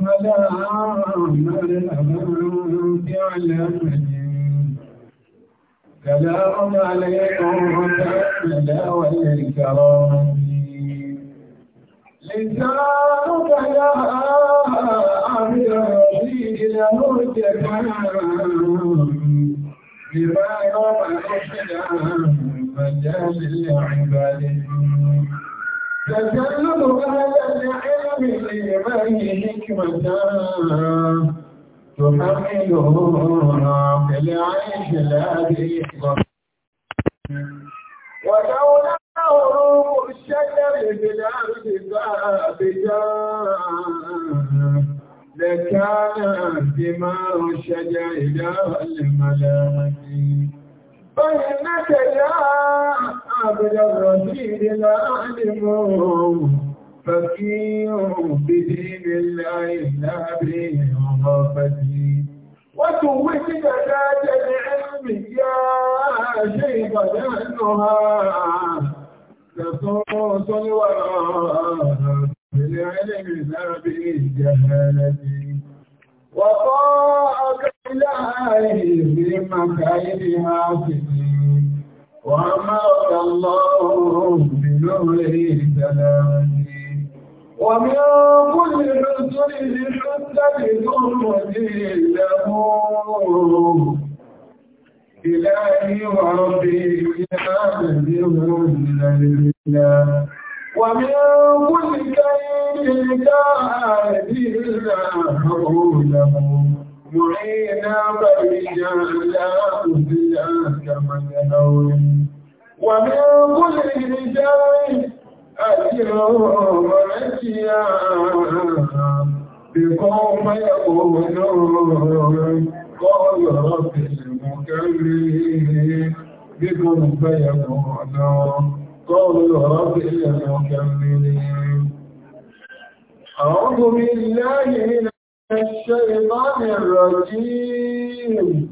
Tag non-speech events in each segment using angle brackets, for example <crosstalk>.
على أعمال الأموت والأمين سلام عليكم وتعالى والكرام لسانك يا أمير إلى مرتك بما رمى الإسلام فجاز العباد تدل على العلم لمن حكمة تحمله في العيش الذي ولولا هروب الشجر في الأرض ثابتا لكان اهتمام الشجر إلى الملائكة فإنك يا عبد الرسيل أعلم فكير بدين الله نبي غرفتي وتوجد ذات العلم يا شيخ لأنها تصوت الورى بالعلم نبي جهالتي وطاعك إلهي بمكائد حافظين وأمرك الله بنور سلامتي ومن كل مسجد حتى لذرتي له إلهي وربي من ومن كل كيد كائد له معينا بعيدا لا أهلاك مدلول ومن كل رجال أجرهم أشياء بقوم يقولون قال رب المكرمين بكم فيكونون قال رب المكرمين أعوذ بالله من الشيطان الرجيم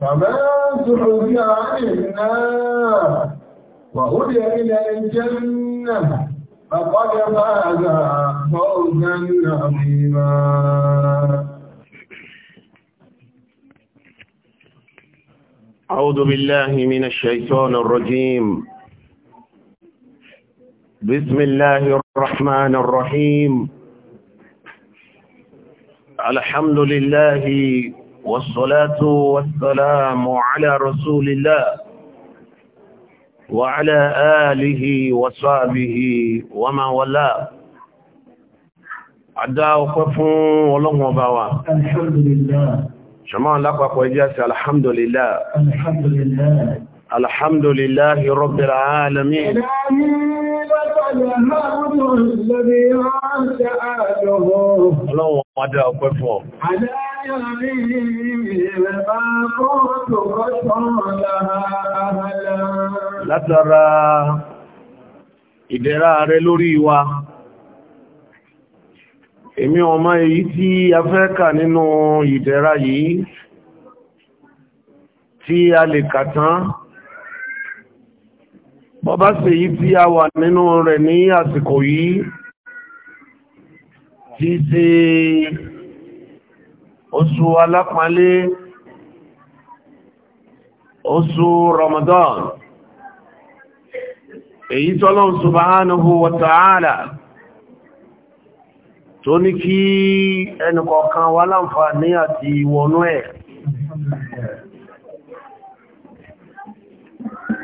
فما زحزح عن النار وهدي إلى الجنة فقد فاز فوزا عظيما أعوذ بالله من الشيطان الرجيم بسم الله الرحمن الرحيم الحمد لله والصلاة والسلام على رسول الله وعلى آله وصحبه ومن والاه Àdá ọpẹ́ fún ọlọ́run ọba wa. Alhamdulillah. Ṣọmọ́ lápapọ̀ ẹjẹ́ sí Alhamdulillah. Alhamdulillah. Alhamdulillah, Rabbil alamin. Alhamdulillah. Ọlọ́run ọmọdé ọpẹ́ fún ọ. Látara ìdẹ̀ra rẹ lórí wa, èmi ọmọ èyí tí a fẹ́ kà nínú ìdẹ̀ra yìí, tí a lè kà tán bọ́bá ṣe yí tí a wà nínú rẹ̀ ní àsìkò yìí tí ṣe oṣù alápàálé oṣù Ramadan èyí tọ́lọ́ subhanahu wa ta'ala tó ní kí ẹnìkọ̀ọ̀kan wà láǹfààní àti wọnú ẹ̀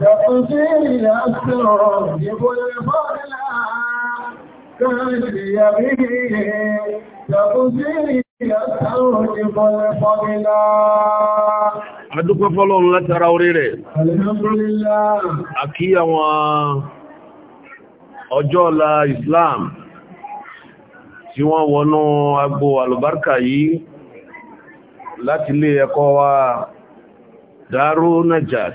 تقدير أسرار بالفضل كالبي Adúpẹ́ fọ́lọ́run láti ara orí rẹ̀. Alhamdulillah. Àkí àwọn ọjọ́ ọ̀la Islam tí wọ́n wọnú agbo alùbáríkà yìí láti ilé ẹ̀kọ́ wa Darul Najat.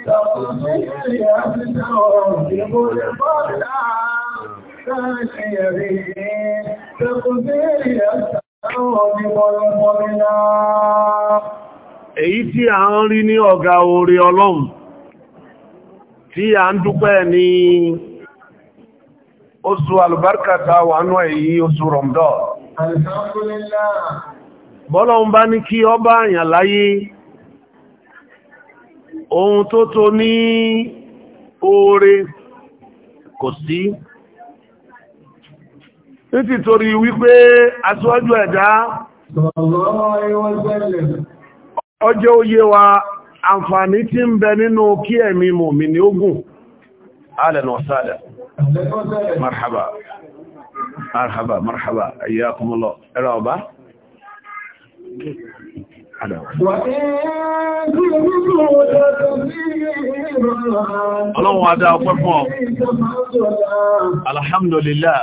Èyí tí a ń rí ní ọ̀gá orí Ọlọ́run tí a ń dúpẹ́ ní oṣù alùbárkàtà wà ní èyí oṣù Rọ̀mdọ̀. Bọ́lọ́un bá ní kí ọ bá àyàn láyé ohun tó tó ní oore kò sí nítí torí wípé aṣíwájú ẹ̀dá ọjọ́ oyé wa àǹfààní tí ń bẹ nínú kí ẹ̀mí mọ̀mí ní ogun alẹ́ nà ọ̀sáàdẹ̀ marhaba marhaba marhaba ayyakumullah ẹ̀rọ ọba Ọlọ́run adá ọpẹ́ fún ọ. Alhamdulillah.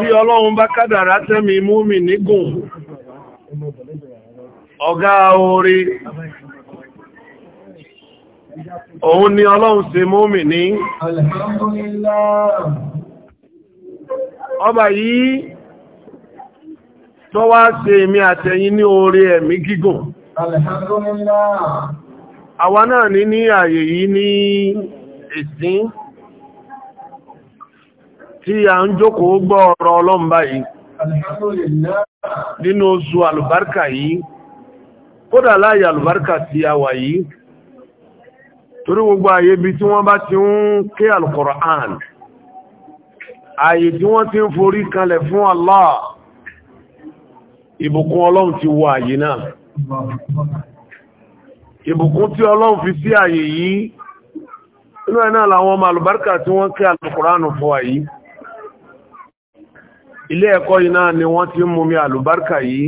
Bí ọlọ́run bá kádàrá tẹ́mi múmi nígùn, ọ̀gá orí, òun ni ọlọ́run ṣe múmi ní. Alhamdulillah ọba yìí tó wá ṣe èmi àtẹ̀yìn ní oore ẹ̀mí gígùn alhamdulillah àwa náà ní ní ààyè yìí ní ìsìn tí a ń jókòó gbọ́ ọ̀rọ̀ ọlọ́mbà yìí alhamdulillah nínú oṣù alùbáríkà yìí kódà láyé alùbáríkà tí a wà yìí torí gbogbo àyè bí tí wọ́n bá ti ń ké alùkọ̀rọ̀ ààrùn ààyè tí wọ́n ti ń forí kanlẹ̀ fún Allah ìbùkún ọlọ́run ti wọ ààyè náà ìbùkún tí ọlọ́run fi sí ààyè yìí inú ẹ̀ náà làwọn ọmọ alùbáríkà tí wọ́n kí alùkùránù fún àyí ilé ẹ̀kọ́ yìí náà ni wọ́n ti ń mú mi alùbáríkà yìí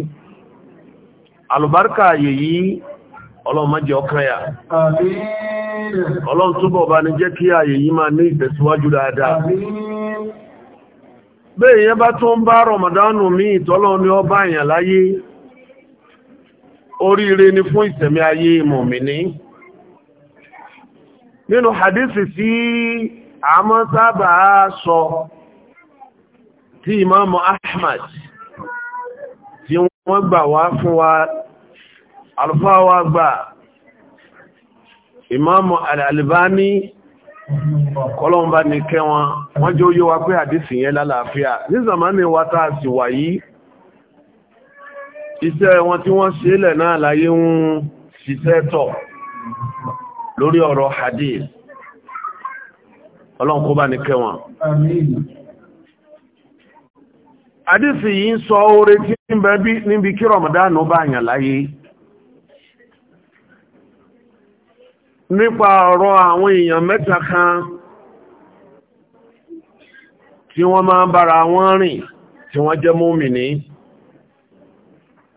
alùbáríkà ààyè yìí ọlọ́mọjẹ́ ọkànyà ọlọ́run túbọ̀ bá ní jẹ́ kí ààyè yìí máa ní ìtẹ̀síwájú dáadáa bẹ́ẹ̀ yẹn bá tún bá rọmọdánù mi ìtọ́lọ́ ní ọba àyàn láyé oríire ni fún ìsẹ̀mí ayé mọ̀mìní nínú hadisi sí àmọ́ sábà sọ tí imamu ahmad tí wọ́n gbà wá fún wa alfáwà gbà imamu al-albani al kọlọ́mbà ní kẹ́ wọn wọ́n jẹ́ oyó wa pé àdísì yẹn lálàáfíà ní zamani wa tá a sì wà yìí iṣẹ́ wọn tí wọ́n ṣe lẹ̀ náà láyé ń ṣiṣẹ́ tọ̀ lórí ọ̀rọ̀ hadith ọlọ́run kó kẹ́ wọn àdísì yìí ń sọ oore tí ń bẹ níbi kí rọ̀mọ̀dánù bá yàn láyé nípa ọ̀rọ̀ àwọn èèyàn mẹ́ta kan tí wọ́n máa bara bára rin rìn tí wọ́n jẹ́ mùmínì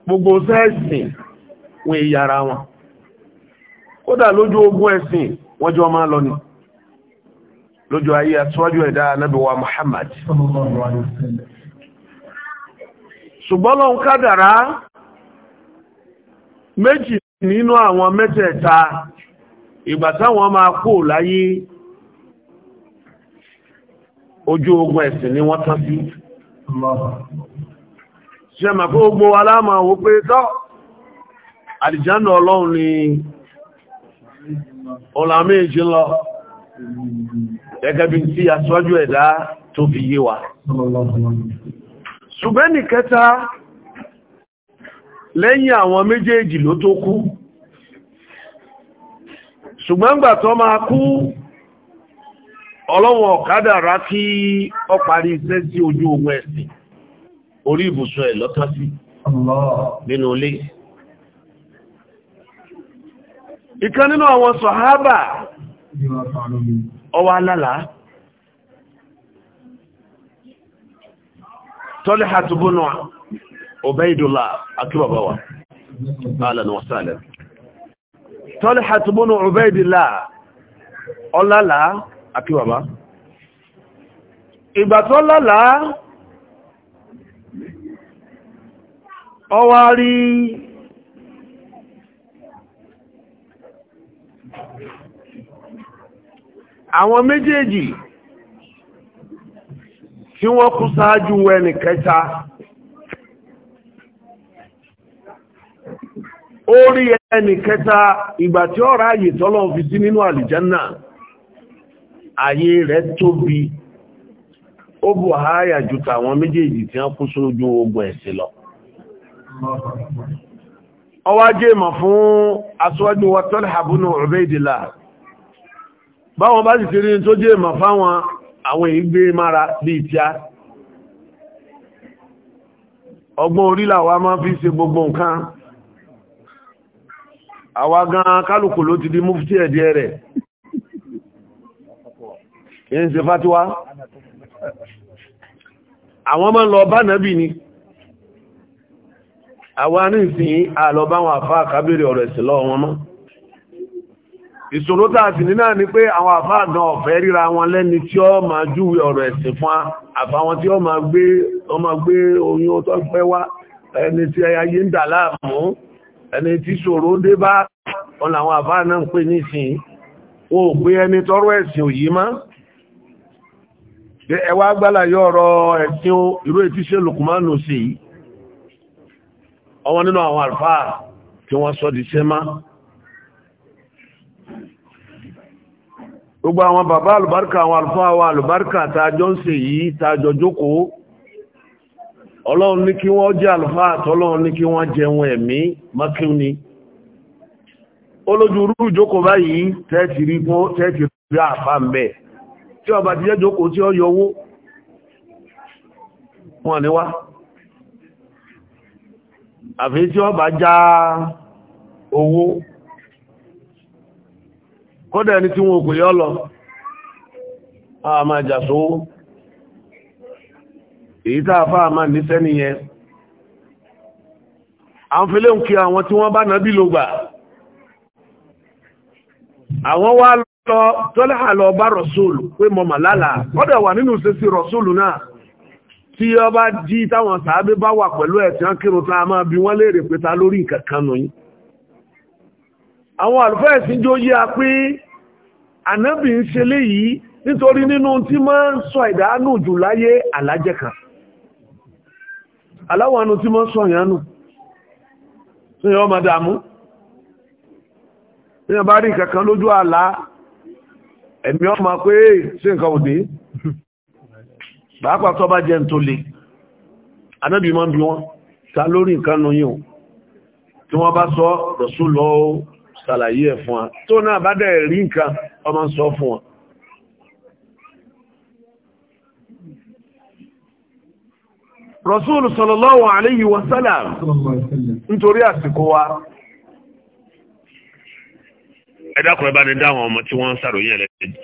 gbogbo sẹ́ẹ̀sìn wọn ìyàrá wọn kódà lójú ogun ẹ̀sìn wọ́n jọ máa lọ ní lójú ayé àtúwájú ẹ̀dá anábíwa Muhammad ṣùgbọ́n lọ́n kádàrá méjì nínú àwọn mẹ́tẹ̀ẹ̀ta ìgbà táwọn máa kó láyé ojú ogun ẹ̀sìn ni wọ́n tán sí ṣe mọ̀ pé gbogbo wa láàmà wó pé tọ́ àlìjánà ọlọ́run ni ọlàmí ìjì lọ gẹ́gẹ́ bí tí aṣọ́jú ẹ̀dá tó fi yé wa ṣùgbẹ́nì kẹta lẹ́yìn àwọn méjèèjì ló tó kú ṣùgbọ́n gbà tó máa kú ọlọ́wọ̀n ọ̀kadà rá kí ọ parí iṣẹ́ sí ojú ogun ẹ̀sìn orí ibùsùn ẹ̀ lọ́tọ́ sí nínú ilé ìkan nínú àwọn sọ̀hábà ọwọ́ alálà tọ́lẹ̀ àtúbọ̀nà ọ̀bẹ́ ìdọ́là Talha ibn Ubaydillah ọlálà àkíwàbá ìgbà tó lálà ọwá rí àwọn méjèèjì tí wọ́n kú sáájú ẹni kẹta ó rí ẹni kẹta ìgbà tí ó rá àyè fi sí nínú àlìjánà àyè rẹ̀ tóbi ó bù háyà ju tàwọn méjèèjì tí wọ́n kú sójú ogun ẹ̀sìn lọ fún aṣọ́jú wa Talha bunu Ubaydillah báwọn bá sì ti tó jẹ́ ìmọ̀ fáwọn àwọn ìgbé mara ọgbọ́n orílà wa fi se gbogbo nǹkan àwa gan kálùkù ló ti di mufti ẹ̀dẹ́ rẹ̀ kí ń ṣe fatiwa àwọn máa ń lọ bá nàbì ni àwa ní ìsìn àlọ́báwọn àfá àkábèrè ọ̀rọ̀ ẹ̀sìn lọ́wọ́ wọn mọ́ ìṣòro tàà sì nínà ní pé àwọn àfá àdán ọ̀fẹ́ ríra wọn lẹ́ni tí ó máa júwe ọ̀rọ̀ ẹ̀sìn fún àfáwọn tí ó máa gbé oyún tó pẹ́ wá ẹni tí ayé ń dà láàmú ẹni tí ṣòro dé bá wọn làwọn àbá náà ń pè nísìn o gbé ẹni tọrọ ẹ̀sìn òyí mọ́ ẹwà agbára yọ ọ̀rọ̀ ẹ̀sìn irú ètí ṣe Lùkùmánù sí ọwọ́ nínú àwọn àlfáà tí wọ́n sọ di ṣe má gbogbo ọlọ́run ní kí wọ́n jẹ́ àlùfáà àtọ́lọ́run ní kí wọ́n jẹun ẹ̀mí mọ́kín ni olójú rúrù jókòó báyìí tẹ́ẹ̀tì rí fún tẹ́ẹ̀tì rí àfà ń bẹ̀ tí ọba ti jẹ́ jókòó tí ó yọ owó wọn àfi tí ọba já owó kódà ẹni tí wọn kò yọ lọ èyí tá a fáà máa níṣẹ́ nìyẹn à ń filé ń kí àwọn tí wọ́n bá nàbí ló gbà àwọn wá lọ tọ́lá lọ bá rọ̀súùlù pé mọ màlálà ọ̀dẹ̀ wà nínú ìṣesí rọ̀súùlù náà tí ó bá jí táwọn sàábé bá wà pẹ̀lú ẹ̀ tí wọ́n kírun tá a máa bí wọ́n léèrè pé ta lórí nǹkan nù yín àwọn àlùfáà ẹ̀sìn jó yí a pé ànábì ń ṣe léyìí nítorí nínú tí máa ń sọ ìdánù jù láyé àlájẹ́ kan aláwọ̀ anú tí mọ́ sọ̀yánù tí yọ ọmọ dàmú èyàn bá rí kankan lójú àlá ẹ̀mí ọmọ pé sí nǹkan òdé pàápàá tó bá jẹ́ tó lè anábì mọ́ bí wọ́n ta lórí nǹkan nù yíò tí wọ́n bá sọ rọ̀súlọ́ sàlàyé ẹ̀ fún wa tó náà bá dẹ̀ rí nǹkan ọmọ sọ fún wa rọ̀súlù sọ̀lọ̀lọ́wọ̀ àléyìí wọ̀sálà nítorí àsìkò wa ẹ̀dàkùnrin bá ní dáwọn ọmọ tí wọ́n ń sàròyìn ẹ̀lẹ́gbẹ̀ẹ́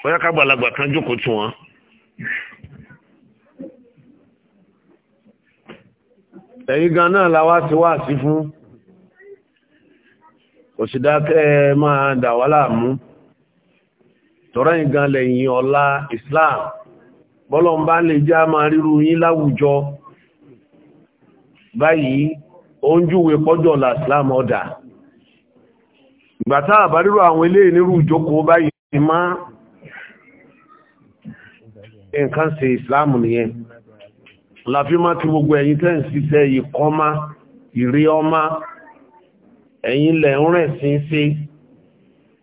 bóyá kágbàlagbà kan jókòó tí wọ́n ẹ̀yí gan náà la wá ti wá sí fún òṣìdákẹ́ máa dà tọ́rọ ìgan lẹ́yìn ọlá Islam bọ́lọ̀n bá lè já a ríru yín láwùjọ báyìí oúnjúwe pọ́jọ́ ọ̀la Islam ọ̀dà ìgbàtà àbárírò àwọn ilé ìnírú ìjókòó báyìí má nǹkan se Islam nìyẹn gbogbo tẹ́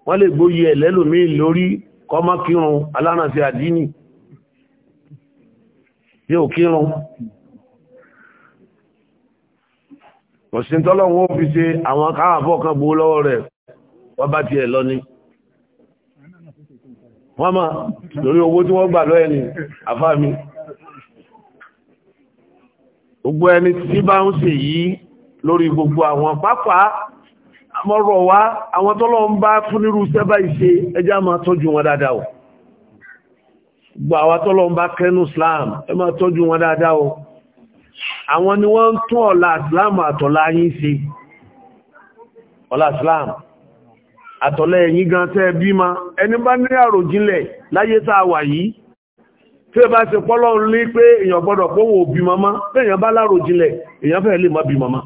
wọ́n lè ẹ̀lẹ́lòmí lórí kọmọ kírun alánàsí àdínì yóò kírun òsìntọ́lọ́wọ́ ó fi ṣe àwọn káàbọ̀ kan gbó lọ́wọ́ rẹ̀ wọ́n bá tiẹ̀ lọ ni wọ́n máa lórí owó tí wọ́n gbà lọ́yẹ̀ ni àfáàmì gbogbo ẹni tí bá ń ṣe yìí lórí gbogbo àwọn pápá mọ́rọ̀ wá àwọn tọ́lọ ń bá fún nírú sẹ́bà ìṣe ẹjá máa tọ́jú wọn dáadáa o gbà àwọn tọ́lọ ń bá kẹ́nu Islam ẹ máa tọ́jú wọn dáadáa o àwọn ni wọ́n ń tún ọ̀la Islam àtọ̀lá yín ṣe ọ̀la Islam àtọ̀lá ẹ̀yìn gan tẹ́ bí ma ẹni bá ní àròjinlẹ̀ láyé tá a wà yìí tí ẹ bá ṣe pọ́lọ́run ní pé èèyàn gbọ́dọ̀ pé òun mama bẹ́ẹ̀ èèyàn bá láròjinlẹ̀ èèyàn fẹ́ lè má bí mama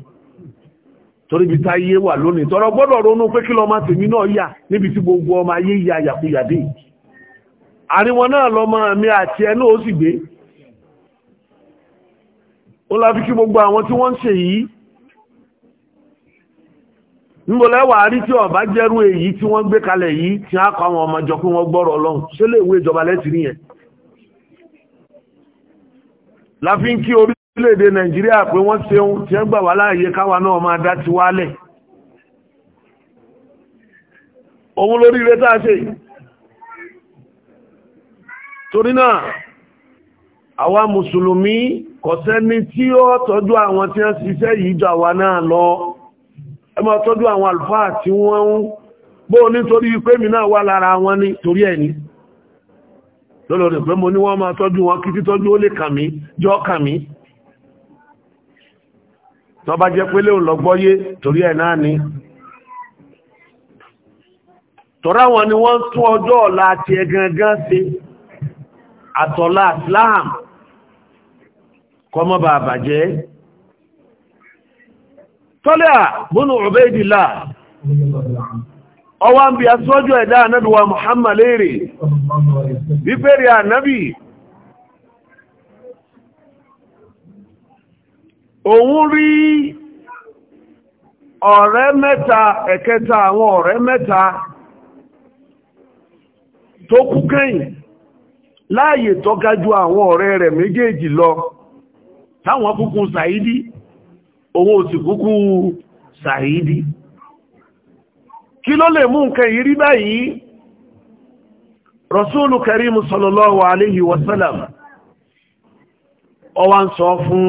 torí bí táyé wà lónìí tọrọ gbọ́dọ̀ ronú pé kí lọ́mọ tèmi náà yà níbi tí gbogbo ọmọ ayé ya yàkuyàdé àríwọn náà lọ́mọ mi àti ẹ náà ó sì gbé ó láfi kí gbogbo àwọn tí wọ́n ń ṣe yìí ńgbọ́lẹ́ wà rí tí ọ̀bá jẹ́rú èyí tí wọ́n gbé kalẹ̀ yìí tí a kọ àwọn ọmọ jọ pé gbọ́rọ̀ ọlọ́run ṣé lè wé ìjọba lẹ́tì yẹn láfi kí orí orílẹ̀-èdè nàìjíríà pé wọ́n ṣeun tí ẹ gbà wá láàyè káwa náà máa dá ti wálẹ̀ òun lórí rẹ̀ tàà ṣe torí náà àwa mùsùlùmí kò sẹ́ni tí ó tọ́jú àwọn tí wọ́n ṣiṣẹ́ yìí jù àwa náà lọ ẹ máa tọ́jú àwọn àlùfáà tí wọ́n ń bó nítorí pé mi náà wà lára wọn ní torí ẹ̀ ní lọ́lọ́rẹ̀ pé mo ní wọ́n máa tọ́jú wọn kí títọ́jú ó lè kàmí jọ́ kàmí tó bá jẹ́ pé léun lọ́gbọ́yé torí ẹ̀ náà ni tọ́rá wọn ni wọ́n tún ọjọ́ ọ̀la ti ẹgangan sí àtọ̀lá Islam kọmọ bàbà jẹ́ tọ́lá múnú ọ̀bẹ́dìlá ọwá ń bí aṣọ́jọ́ ẹ̀dá anáduwa Muhammad lérè wípé rí ànábì òun rí ọ̀rẹ́ mẹ́ta ẹ̀kẹta àwọn ọ̀rẹ́ mẹ́ta tó kú kẹ́yìn láàyè tó ga àwọn ọ̀rẹ́ rẹ̀ méjèèjì lọ táwọn kúkú sàídí òun ò sì kúkú sàídí kí ló lè mú nǹkan yìí rí báyìí rasúlù karimu sallallahu alayhi wasallam ọwá ń sọ fún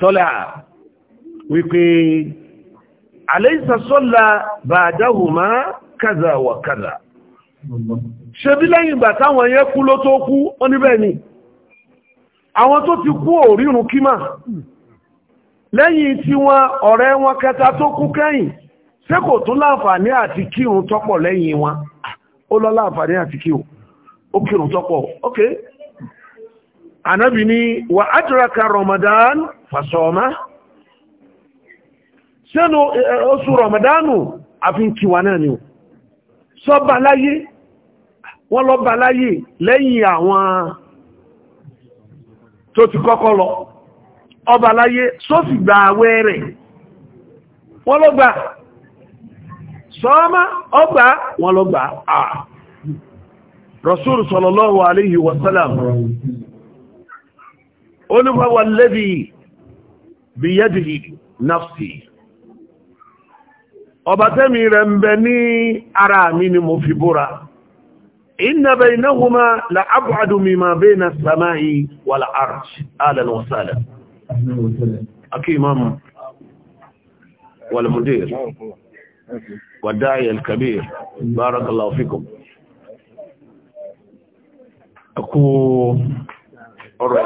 tọ́lá wípé àlẹ́sàsọ́lá bá dáhùmá kàzà wà kàzà ṣe bí lẹ́yìn ìgbà táwọn yẹn kú ló tó kú wọ́n níbẹ̀ ni àwọn tó ti kú òrírun kímà lẹ́yìn tí wọn ọ̀rẹ́ wọn kẹta tó kú kẹ́yìn ṣé kò tún láǹfààní àti kírun tọ́pọ̀ lẹ́yìn wọn ó lọ láǹfààní àti kírun ó kírun tọ́pọ̀ ok ànábì ni wà á Ramadan fàṣọ́ọ́má sínú oṣù rọ̀mọ̀dánù àfin tiwa náà ni sọ́bà láyé wọ́n lọ bá láyé lẹ́yìn àwọn tó ti kọ́kọ́ lọ ọba láyé sófì gba àwẹ́ rẹ̀ wọ́n lọ gbà sọ́ọ́má ọgbà wọ́n lọ gbà àà Rasul sallallahu alayhi wa sallam lẹ́bìí bíyẹ́dìí nafsi ọba tẹ́mi rẹ̀ ń bẹ ní ara mi ni mo fi búra inna baynahuma la ab'adu mimma bayna as-sama'i wal arshi ọ̀rọ̀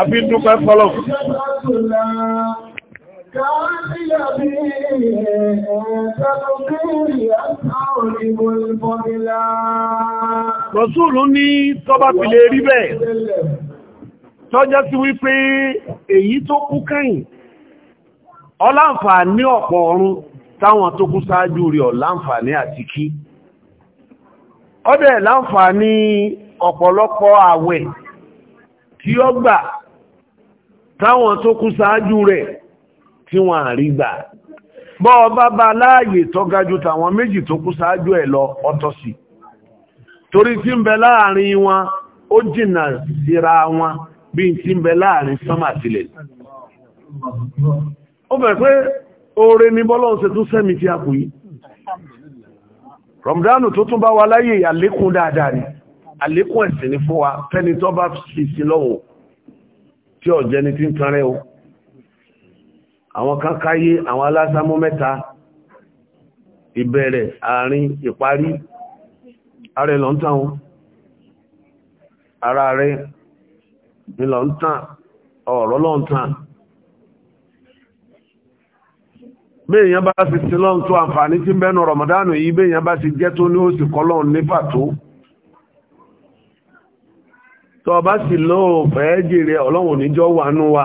Àbí dúpẹ́ fọ́lọ̀. كافي به تبقي أصحاب الفضلا Rọ̀súùlù ní tọ́bá fi lè rí bẹ́ẹ̀. Tọ́jọ́ sí wípé èyí tó kú kẹ́yìn, ọláǹfà ní ọ̀pọ̀ ọ̀run táwọn tó kú sáájú rí ọ̀láǹfà ní àti kí. Ọdẹ̀ láǹfà ní ọ̀pọ̀lọpọ̀ àwẹ̀ tí ó gbà táwọn tó kú sáájú rẹ̀ tí wọ́n àrí gbà bọ́ ọba bá láàyè tó ga jù tàwọn méjì tó kú sáájú ẹ̀ lọ ọ̀tọ̀ sí torí tí ń bẹ láàrin wọn ó jìnnà síra wọn bí tí ń bẹ láàrin sánmà sílẹ̀ ó bẹ̀ pé oore ni bọ́lọ́n tún sẹ́mi tí a kù yìí rọ̀mùdánù tó tún bá wa láyè àlékún dáadáa ni àlékún ẹ̀sìn ni fún wa fẹ́ni tó bá fi sí lọ́wọ́ tí ọ̀jẹ́ni ti ń tanrẹ́ o. àwọn kan káyé àwọn alásámú mẹ́ta ìbẹ̀rẹ̀ àárín ìparí ààrẹ lọ wọn ara rẹ̀ ni ọ̀rọ̀ lọ ń tàn bá sì ti lọ́n tó àǹfààní tí bẹ́nu rọ̀mọ̀dánù yìí béèyàn bá sì jẹ́ tó ní ó sì kọ́lọ́n ní wa.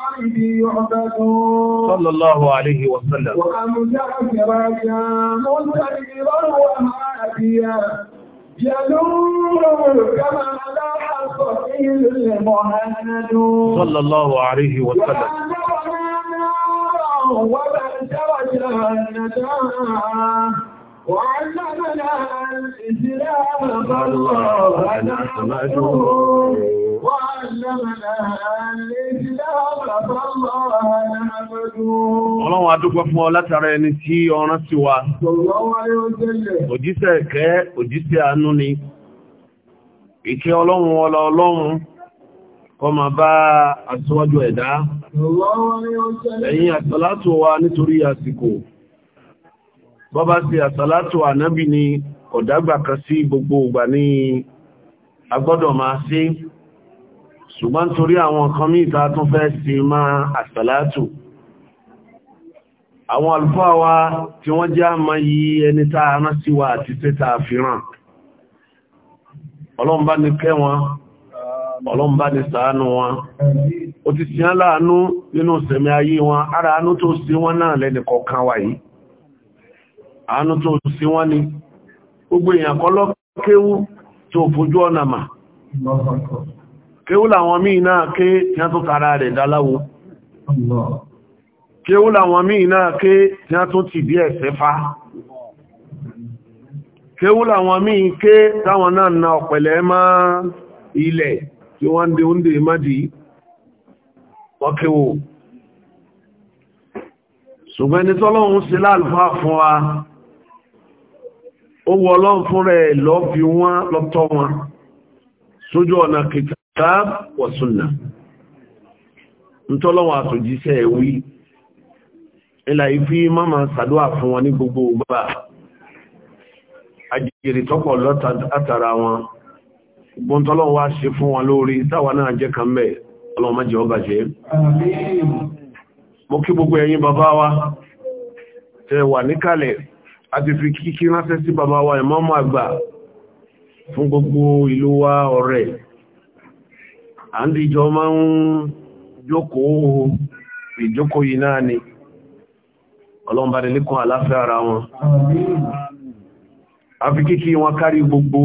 صلى الله عليه وسلم وأمزعفرا يا منتظرا المهند صلى الله عليه وسلم ومن درجة وعلمنا الإسلام Ọlọ́run adúgbọ́ fún ọ látara ẹni tí ọ̀rán sí wa. Òjíṣẹ́ ẹ̀kẹ́, òjíṣẹ́ àánú ni. Ìkẹ́ ọlọ́run ọlọ ọlọ́run bá ẹ̀dá. Ẹ̀yìn àtàlátò wa nítorí àsìkò. bọ́bá sí àsàlátù ànábì ni ọ̀dágbà kan sí gbogbo ìgbà ní agbọ́dọ̀ máa sí ṣùgbọ́n torí àwọn kan mí ìta tún fẹ́ sí máa àsàlátù àwọn àlùfáà wa tí wọ́n jẹ́ àmà yí ẹni tá a rán sí wa àti tẹ́ta àfihàn ọlọ́mbá ni kẹ́ wọn ọlọ́mbá ni ṣàánú wọn ó ti sí aláàánú nínú sẹ̀mí ayé wọn ara àánú tó sí wọn náà lẹ́nìkọ̀ọ̀kan wa àánú tó sí wọ́n ni gbogbo èèyàn kọ́ lọ kéwú tó fojú ọ̀nà mà kéwú làwọn míì náà ké tí a tó tara rẹ̀ dáláwo kéwú làwọn míì náà ké tí a tó ti bí ẹ̀sẹ̀ fa kéwú làwọn míì ké táwọn náà na ọ̀pẹ̀lẹ̀ ilẹ̀ tí wọ́n oúnjẹ ṣùgbẹ́ni sí O ọlọ́run fún rẹ̀ lọ fi wọ́n lọ́tọ́ wọn sójú ọ̀nà kìtàkà wa sunna àtòjíṣẹ́ wí ilà ìfí mọ́mà sàdúwà fún wọn ní gbogbo ọgbà àjèrè tọ́pọ̀ wọn gbogbo àti fi kíkí ránṣẹ́ sí bàbá wa ìmọ́mọ́ àgbà fún gbogbo ìlú wa ọ̀rẹ́ à ń dìjọ máa ń jókòó ìjókòó yìí náà ni ọlọ́mbà nílékún àláfẹ́ ara wọn àfi kíkí wọn kárí gbogbo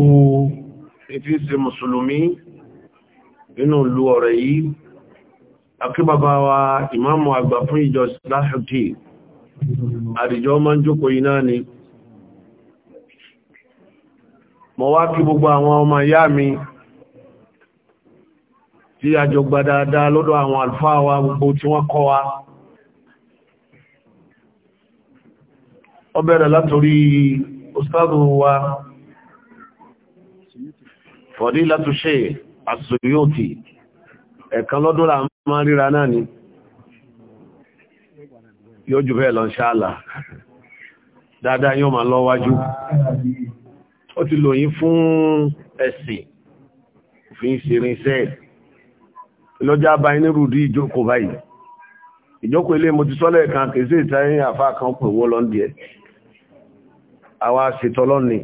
ètí ń ṣe mùsùlùmí nínú ìlú ọ̀rẹ́ yìí àkí bàbá wa ìmáàmù àgbà fún ìjọ láfẹ́ àdìjọ máa ń jókòó yìí náà ni mọ̀ wá kí gbogbo àwọn ọmọ ìyá mi tí a jọ gba dáadáa lọ́dọ̀ àwọn àlùfáà wa gbogbo tí wọ́n kọ́ wa ó bẹ̀rẹ̀ látorí ustadu wa fadilatu sheikh as ẹ̀kan lọ́dún là máa ríra náà ni yóò jù bẹ́ẹ̀ lọ inshallah dáadáa yóò máa lọ ó ti lò yín fún ẹ̀sìn fi ń ṣe irinṣẹ́ lọ́jà báyìí ní rúdí ìjókòó báyìí ìjókòó ilé mo ti sọ́lẹ̀ kan kèsè ìtayín àfá kan pè wó lọ́ndì ẹ̀ àwa ṣètọ́ lọ́nìí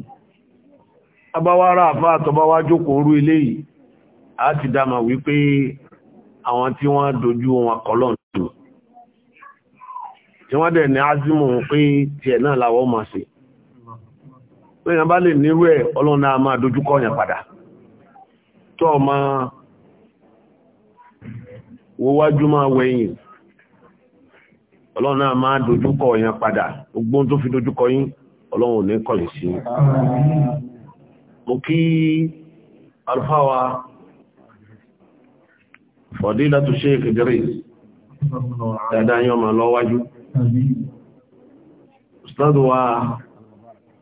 abáwárá àfá àtọ́báwá jókòó rú ilé yìí a ti dáma wípé àwọn tí wọ́n dojú wọn kọlọ́ndù tí wọ́n dẹ̀ ní azimu pé tiẹ̀ náà làwọn máa ṣe lẹ́yìn bá lè nírú ẹ̀ ọlọ́run máa yẹn padà tó ọ wo wájú máa wẹ̀yìn ọlọ́run náà máa dojúkọ yẹn padà gbogbo tó fi dojúkọ yín ọlọ́run ní kọ̀lẹ̀ sí mo kí alfáwa fadilatu Sheikh Idris dáadáa yọ ma lọ wájú Ustadu wa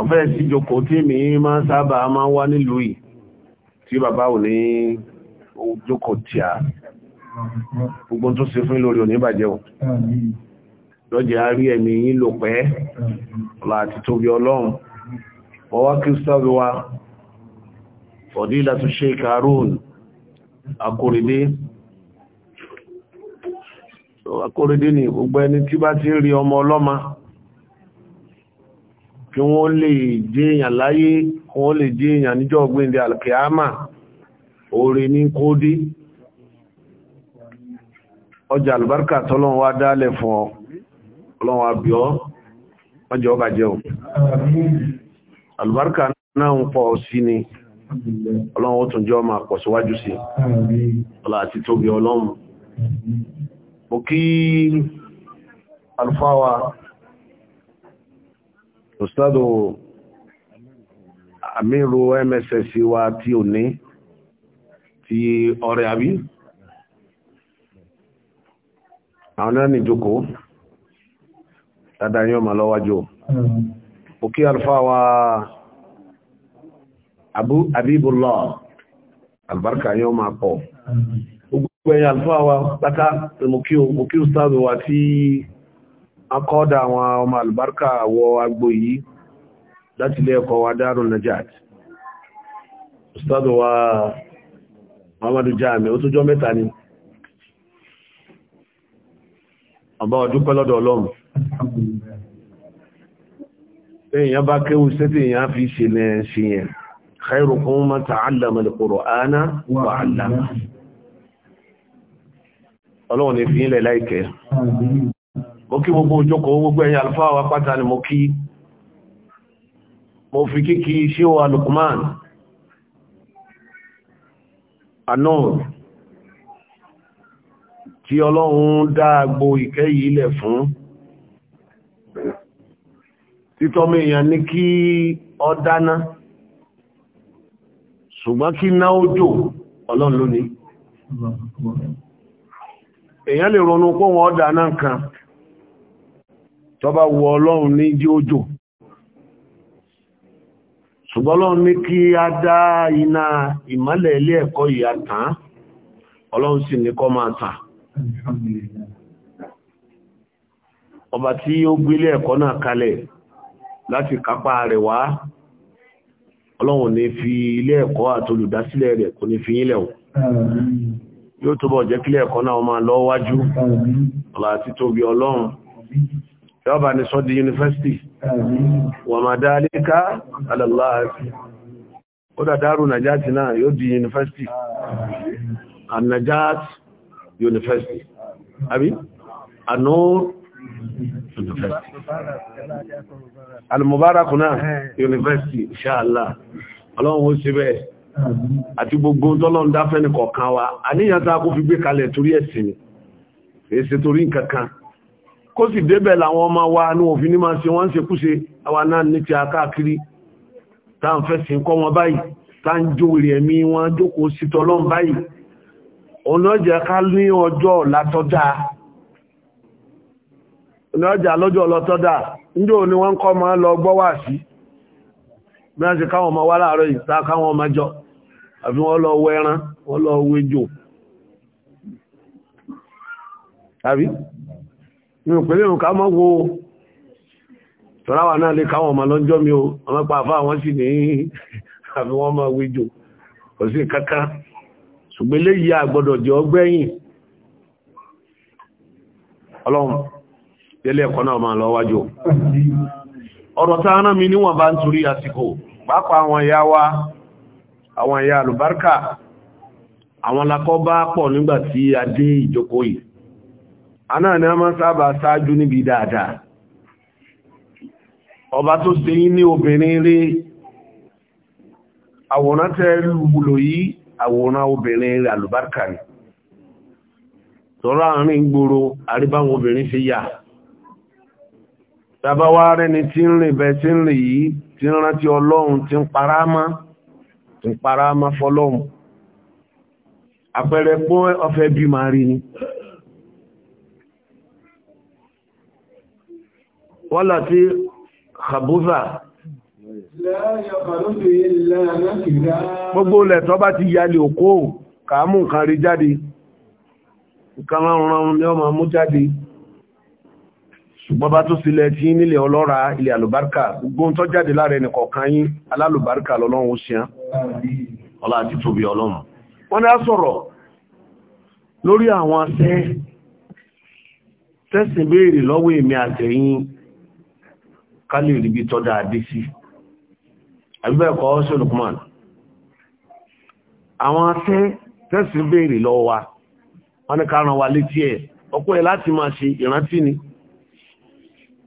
ọ̀fẹ́ sí jòkó tí mi máa sábà máa wá nílùú yìí tí bàbá ò ní jòkó tí a gbogbo tó ṣe fún lórí oníbàjẹ́ ò lọ́jẹ́ a rí ẹ̀mí yín lò pẹ́ láti tóbi ọlọ́run ọwá kírísítàbí wa ọ̀dí ìlàtú Sheikh Harun akóredé akóredé ni gbogbo ẹni tí bá ti rí ọmọ ọlọ́mọ kí wọ́n lè jẹ́ èèyàn láyé kí wọ́n lè jẹ́ èèyàn níjọ́ ọgbẹ́ndẹ̀ alkiyama oore ní kó dé ọjà albarka tọ́lọ́wọ́ wá dálẹ̀ fún ọ ọlọ́wọ́ àbíọ́ ọjọ́ ọba jẹ́ o albarka náà ń pọ̀ sí ni ọlọ́wọ́ tún jọ máa pọ̀ síwájú sí ọlá Ustadu àmìrò MSS wa tí ò ní ti ọ̀rẹ́ àbí àwọn náà ní ìjókò dáadáa yọ́ ma lọ́wájú òkè alfa wa Abu Abibullah albarka yọ́ ma pọ̀ gbogbo ẹ̀yà alfa wa pátá mọ̀kí ustadu wa tí akọ́dà àwọn ọmọ àlùbáríkà wọ agbó yìí láti ilé ẹ̀kọ́ wa Darun Najat ustadu wa Muhammadu Jami ó tójọ́ mẹ́ta ni ọba ọdúpẹ́ lọ́dọ̀ ọlọ́run èèyàn bá kéwù sẹ́tì èèyàn fi ṣe lẹ́ khairukum man ta'allama al-Qur'ana wa 'allama ọlọ́run ni fi ilẹ̀ láìkẹ́ mo kí gbogbo òjókòó gbogbo ẹ̀yà alfáà wa pátá ni mo kí mo fi kíkí ṣíò alukman anur tí ọlọ́run dáàgbò ìkẹ́ yìí lẹ̀ fún títọ́mí èèyàn ní kí ọ dáná ṣùgbọ́n kí ná ó jò ọlọ́run lónìí èèyàn lè ronú pé wọ́n dáná kan tọba wọ ọlọ́run ní jí òjò ṣùgbọ́n ọlọ́run ní kí a dá iná ìmọ́lẹ̀ ilé ẹ̀kọ́ ìyà ọlọ́run sì ní kọ́ máa ọba tí ó ilé ẹ̀kọ́ náà kalẹ̀ láti kápá rẹ̀ wá ọlọ́run ní fi ilé ẹ̀kọ́ àtolùdásílẹ̀ rẹ̀ kò ní fi yílẹ̀ o yóò túbọ̀ jẹ́ kílẹ̀ ẹ̀kọ́ náà máa lọ ọ̀là àti tóbi ọlọ́run yọba ni sọ́dí yunifásitì wà máa dá alíká aláàláàfí ó dàdárù nàjáàtì náà yóò di yunifásitì ànàjáàt yunifásitì àbí ànúr yunifásitì alìmọ̀bárakù náà yunifásitì ṣáàlá ọlọ́run ó àti gbogbo tọ́lọ́run dáfẹ́ nìkọ̀ọ̀kan wa àníyàn tá a kó fi gbé kalẹ̀ torí ẹ̀sìn èsì torí nǹkan kó sì débẹ̀ làwọn ọmọ wa ní òfin ní máa ṣe wọ́n ń ṣe kúṣe náà ní ti akáàkiri ń kọ́ wọn báyìí ta ń jó wọn jókòó sí tọ́lọ́n báyìí ọ̀nà ọjà ká ní ọjọ́ látọ́dá ọ̀nà ọjà lọ́jọ́ lọ́tọ́dá ni wọ́n kọ́ máa lọ gbọ́ wà sí mi ò pẹ̀lú ìrùkà mọ́ wo tọ́láwà náà lè káwọn ọmọ lọ́jọ́ mi o ọmọ pa àfá àwọn sì ní àfi wọ́n máa wíjò kò sí kankan ṣùgbọ́n léyìí àgbọ́dọ̀ jẹ́ ọgbẹ́yìn ọlọ́run délé ẹ̀kọ́ náà máa lọ wájú wa àwọn ìyá àlùbáríkà àwọn lakọ́ bá pọ̀ nígbà tí a dé ìjókòó àná ni a máa sábà sáájú níbi dáadáa ọba tó ṣe yín ní obìnrin rí àwòrán tẹ́ lùlò yìí àwòrán obìnrin rí àlùbáríkà ni tọ́rọ àárín gbòòrò àríbáwọn obìnrin ṣe yà tàbá wá rẹni tí ń rìn bẹ tí ń rìn yìí tí ń rántí ọlọ́run tí ń pará tí ń pará mọ́ àpẹẹrẹ pọ́ ọfẹ́ bí máa rí ni wọ́lá tí kàbúzà gbogbo ilẹ̀ tó bá ti yalè òkó kàámù nǹkan rí jáde nǹkan ránran ni ọmọ mú jáde ṣùgbọ́n bá tó sílẹ̀ tí nílẹ̀ ọlọ́ra ilẹ̀ alùbáríkà gbogbo tó jáde láàrẹ nìkọ̀ọ̀kan yín alálùbáríkà lọ́lọ́run ó ṣíán ọlá àti tóbi ọlọ́run wọ́n ni a sọ̀rọ̀ lórí àwọn asẹ́ tẹ́sìn béèrè lọ́wọ́ èmi àtẹ̀yìn ká lè rí bí tọ́dá adé sí àbíbẹ̀ẹ̀kọ́ ṣolùkùnmọ̀n àwọn tẹ́ tẹ́sí béèrè lọ wa wọ́n ní ká rán wa létí ẹ̀ ọ̀pọ̀ ẹ̀ láti máa ṣe ìrántí ni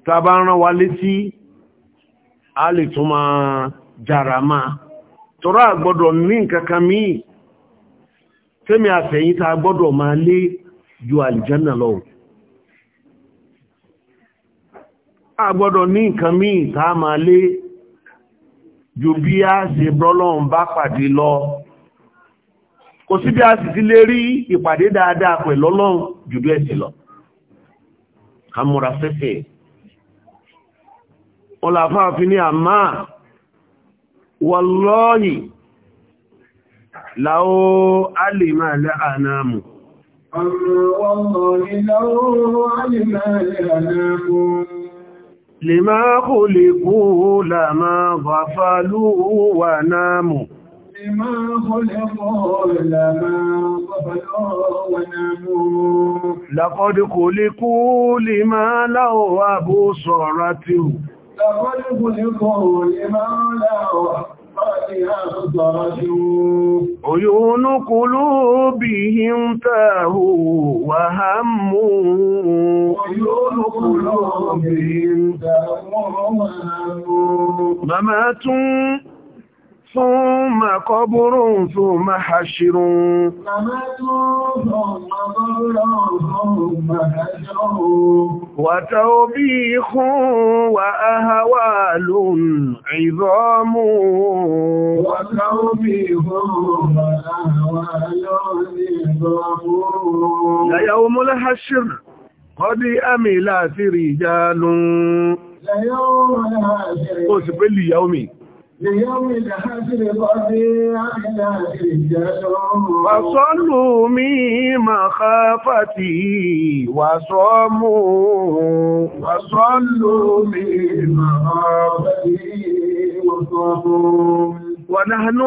tá a bá rán wa létí a lè tún máa jára máa tọ́rọ àgbọ́dọ̀ ní nǹkankan míì tẹ́mi àfẹ̀yìn tá gbọ́dọ̀ máa lé ju àlìjánà lọ́wọ́ a gbọ́dọ̀ ní nǹkan míì tá a máa lé ju bí a ṣe bọ́lọ́run bá pàdé lọ kò sí bí a sì ti lè rí ìpàdé dáadáa pẹ̀lú jù bẹ́ẹ̀ sí lọ ká múra fẹ́fẹ́ wọn làfáàfin ní àmà wàlọ́ọ̀yì láó alìmọ̀ alẹ́ ànáàmù Ọ̀rọ̀ wọ́n mọ̀ alìmọ̀ alẹ́ ànáàmù لما خلقوا لما غفلوا وناموا لما خلقوا لما غفلوا وناموا لقد خلقوا لما لو أبصرته لقد خلقوا لما لو عيون قلوبهم تاهوا وهموا عيون قلوبهم تاهوا وهموا مماتوا ثم قبر ثم حشر وتوبيخ وأهوال عظام وتوبيخ وأهوال عظام ليوم الحشر قد أملت رجال ليوم الحشر قلت يومي ليوم الحشر قضيعنا الرجال فصلوا من مخافتي وصوموا وصلوا من مخافتي وصوموا ونحن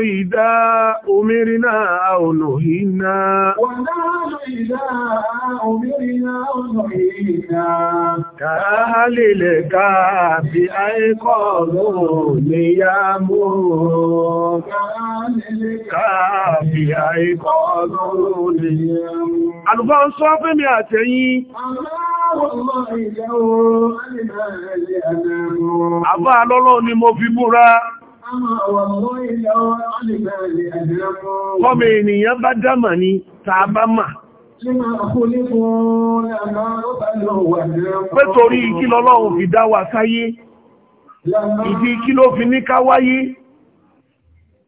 إذا أمرنا أو نهينا ونحن إذا أمرنا أو نهينا كأهل الكهف أيقظوا ليامون كأهل الكهف أيقظوا ليامون Àlùfáà ń sọ fún mi àtẹ̀yìn. Àbá lọ́lọ́ ni mo fi múra. Ọmọ ènìyàn bá dámà ní tàbá mà. Pé torí kí lọ́lọ́run fi dá wa sáyé, ìdí kí ló fi ní ká wáyé,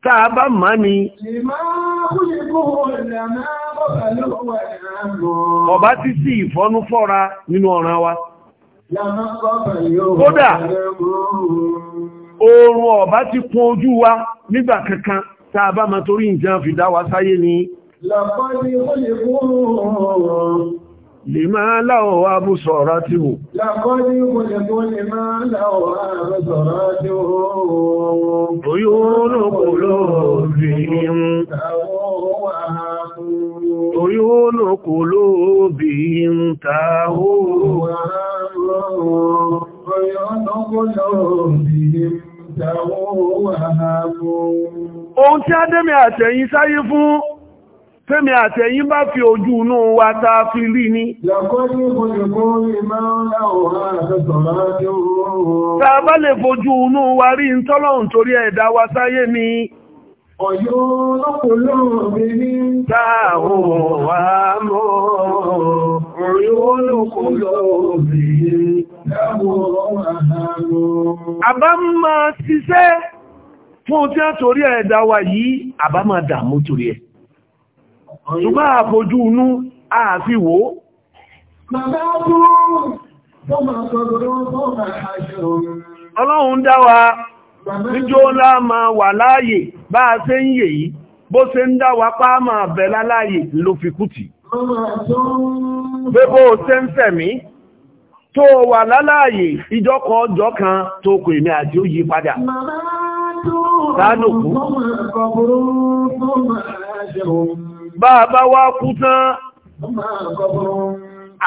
tàbá mà ní. Ọba ti sí ìfọ́nú fọ́ra nínú ọ̀ràn wa. Kódà, oòrùn ọ̀bá ti kún ojú wa nígbà kankan tá a bá ma torí nǹkan fìdá wa sáyé ni lè máa láwọ̀ abúsọ̀rọ̀ tí ó lákọ́lé kòlèkó lè máa láwọ̀ abúsọ̀rọ̀ tí ó orí oòrùn kò lóòrì ihun orí oòrùn kò lóòrì ihun tààwó orí oòrùn kò lóòrì ihun Ohun tí a dẹ́mi àtẹ̀yìn sáyé fún, tẹ́mi àtẹ̀yìn bá fi ojú inú wa ta fi rí ní. Tàbá lè fojú inú wa rí ń tọ́lọ́run torí ẹ̀dá Ọ̀yọ́ olókòlóbìnrin táàwò wà mọ́. Ọ̀yọ́ olókòlóbìnrin táàwò wà mọ́. Àbá máa ṣiṣẹ́ fún tí a torí ẹ̀dá wa yìí, àbá dàmú torí ẹ̀. Ṣùgbọ́n àfojú inú ààfi wò. Bàbá Ọlọ́run dá wa níjó ńlá ma wà láàyè bá a ṣe ń yè yìí bó ṣe ń dá wa pá máa bẹ̀ láláàyè ló fi kú tì ṣe ń fẹ̀mí tó wà láláàyè ìjọkọ̀ ọjọ́ kan tó kò èmi àti ó yí padà tánòkú bá a bá wá kú tán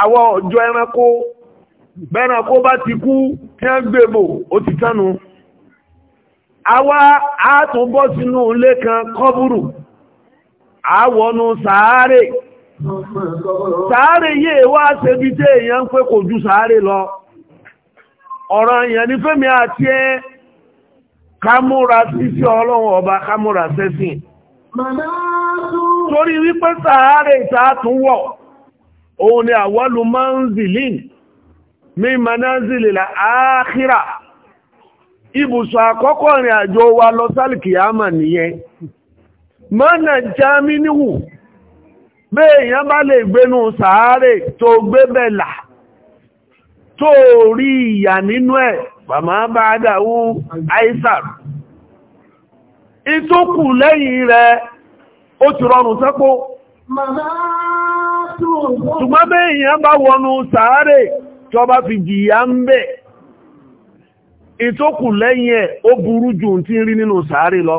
àwọn ọjọ́ ẹranko bẹ́ranko bá ti kú tí wọ́n gbèmò ó ti tánu àwa àtúnbọ́ sínú ilé kan kọbúrù àwọnú sàárè sàárè yìí wá ṣe bí tí èèyàn ń pé kò ju sàárè lọ ọ̀rọ̀ èèyàn ní fẹ́mi àti ẹ́ kámúra sísí ọlọ́run ọba kámúra sẹ́sìn torí wípé sàárè ìtàtúnwọ̀ òun ni àwọ́lù manzilin mi manazilil àákírà ibùsùn àkọ́kọ́ àjò wa lọ sálìkì àmà nìyẹn mọ́nà jámínìwò bẹ́ẹ̀ bá lè gbénú sàárè tó gbé bẹ̀là tó rí ìyà nínú ẹ̀ bàmá bá dáwú àìsàn ìtókù lẹ́yìn rẹ̀ ó ti rọrùn sẹ́pọ̀ ṣùgbọ́n bẹ́ẹ̀ bá wọnú sàárè fi jìyà ń ìtókù lẹ́yìn ẹ̀ ó burú jù tí ń rí nínú sàárì lọ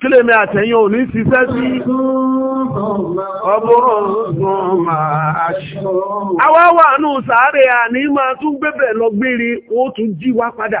kí lè mẹ́ àtẹ̀yìn ò ní ṣiṣẹ́ sí ọgbọ́rọ̀ ọgbọ́n máa ṣọ́ àwa wà nù sàárì àní máa tún lọ tún padà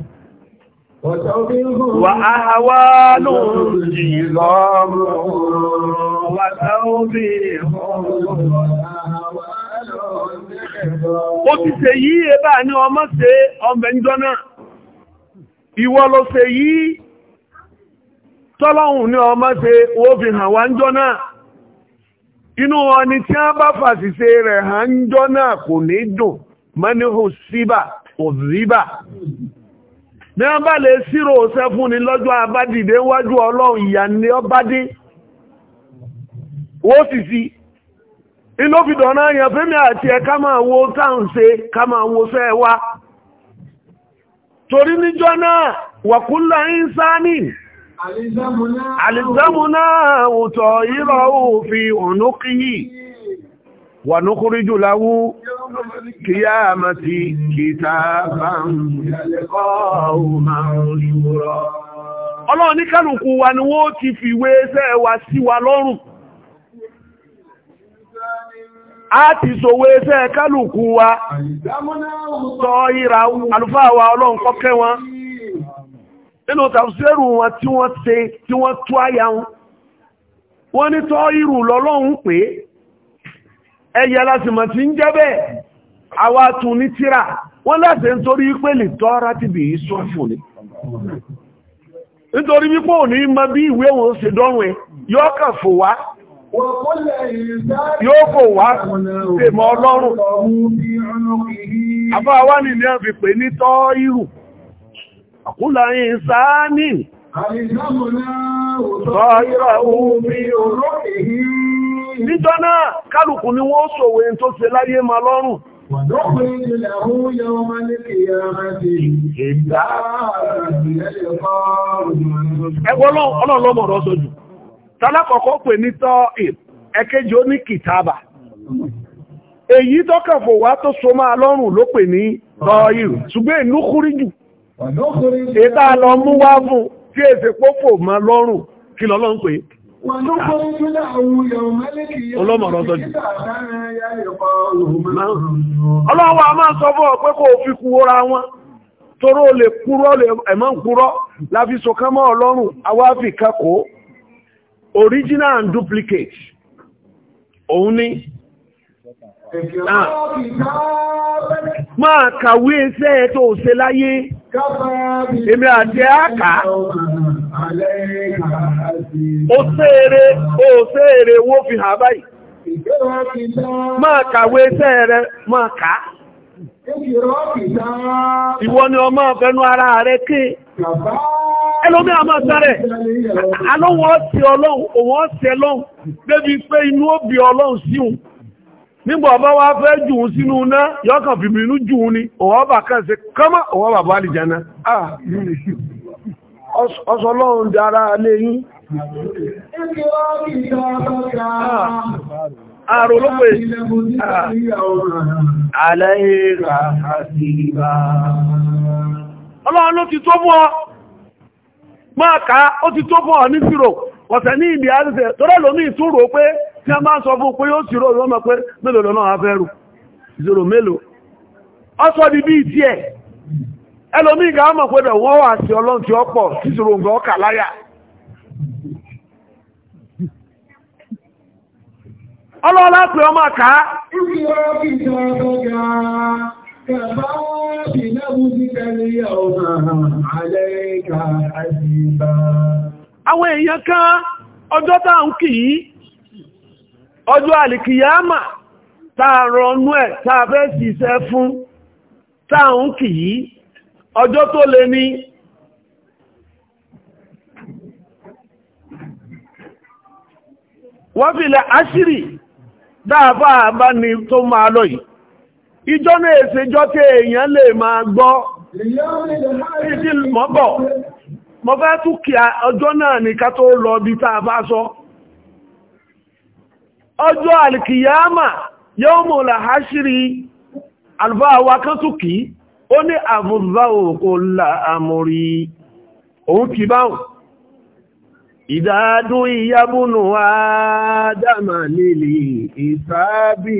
وأهوال جيغام وتوبيهم Ó ti ṣe yí ẹbá ní ọmọ ṣe ọmọ ebe a, Ìwọ ló ṣe yí tọ́lọ́hùn ní ọmọ ṣe ó fi hàn wá ń jọ náà. Inú ọni tí a bá fàṣìṣe rẹ̀ hàn ń jọ náà kò ní dùn, mẹ́ni hù síbà, ò bí wọ́n bá lè sírò ṣẹ́ fún ni lọ́jọ́ àbádìdé wájú ọlọ́run ìyà ni ọ bá dé wó sì sí inú yẹn àti máa wo táwọn ṣe ká máa wo ṣẹ́ wá torí níjọ́ náà ń òtọ̀ ìrọ̀ ونخرج له قيامة كتابا يلقاه منشورا ọlọ́run ní kálùkù wa ni wọ́n ti fi ìwé iṣẹ́ wa sí wa lọ́rùn a ti wa sọ ìrà àlùfáà wa ọlọ́run kọ́kẹ́ wọn nínú tàbísẹ́rù wọn tí wọ́n ṣe tí wọ́n tó àyà wọn ní tọ́ ìrù ẹyẹ láti mọ̀ tí ń jẹ́ bẹ́ẹ̀ àwa tún ní tíra wọ́n láti ń torí pé lè ni nítorí mọ bí ìwé yóò fò wá yóò kò wá tèmọ̀ ọlọ́run àbáwá nìyàn fi pè ní tọ́ irù àkúlà yìí sáà nìyàn Àìsàmùnà òtọ́ níjọ́ náà kálùkù ni wọ́n ṣòwò tó ṣe láyé ma lọ́rùn ẹgbọ́n pè ní tọ́ èyí tọ́kàfò wá tó so máa lọ́rùn ló pè ní ọ̀yìrù ṣùgbọ́n ìlú kúríjù ètà lọ mú wá fún tí èsèpópò máa lọ́rùn kí pè é Olómọ̀rọ̀ sọ́jú. Ọlọ́wọ́ a máa sọ bọ́ ọ pé kò fi kú óra wọn, toró lè kúrọ́ lè ẹ̀mọ́ kúrọ́, láfi sọkámọ́ ọlọ́run, awáfì kẹ́kọ́, original and duplicate. Òun ni. Ah. Máa kàwé iṣẹ́ tó ṣe láyé. Èmi àti àkà. Ó séèrè, ó séèrè wó fi hà báyìí. Máa kàwé iṣẹ́ rẹ, máa kà. Ìwọ ni ọmọ ọ̀fẹ́nú ara rẹ kí. Ẹlọ́mí àmọ́ sáré, alóhun ọ̀sẹ̀ ọlọ́hun, òun ọ̀sẹ̀ ọlọ́hun, débi pé inú ó bí ọlọ́hun síhun. nígbà ọba wá fẹ́ jù sínú iná yọ́kàn ni òwọ́bà kan ṣe kọ́mọ́ òwọ́bà bá lè jẹ́ ọsọlọ́run dára lé yín ààrùn ló pè àlẹ́yìnrà àṣìbà ọlọ́run ló ti tó fún ọ máa ká ó ti tó fún ọ ní ọ̀sẹ̀ ní tí a bá sọ fún pé yóò tìrò ìwọ́n mọ̀ pé mélòó lọ́nà afẹ́rù zero mélòó ọsọ́ di bí ìtí ẹ̀ ẹlòmí ìgbà mọ̀ pé bẹ̀ wọ́n wà sí ọlọ́n tí ó pọ̀ tí ǹgbọ́ ọkà láyà ọlọ́ọ̀lá pé ọmọ ká àwọn èèyàn kan ọjọ́ ń kìí ọjọ́ àlìkìyàmà táà rọnú ẹ̀ táà fẹ́ sí iṣẹ́ fún táà ń ọjọ́ tó lè ní wọ́n fi lẹ àṣírí dáàbáà bá ni tó máa lọ yìí ìjọ́ náà èsèjọ́ tí èèyàn lè máa gbọ́ ìdí mọ́bọ̀ mọ́fẹ́ tún kí ọjọ́ náà ní ká tó lọ bí sọ so. ọjọ́ alìkìyàmà yóò mú làháṣírí alfáàwà kan tún kìí ó ní àbúzá òkò láàmúrí òun kì báhùn ìdádún ìyábùnù àádámà nílì ìsáàbí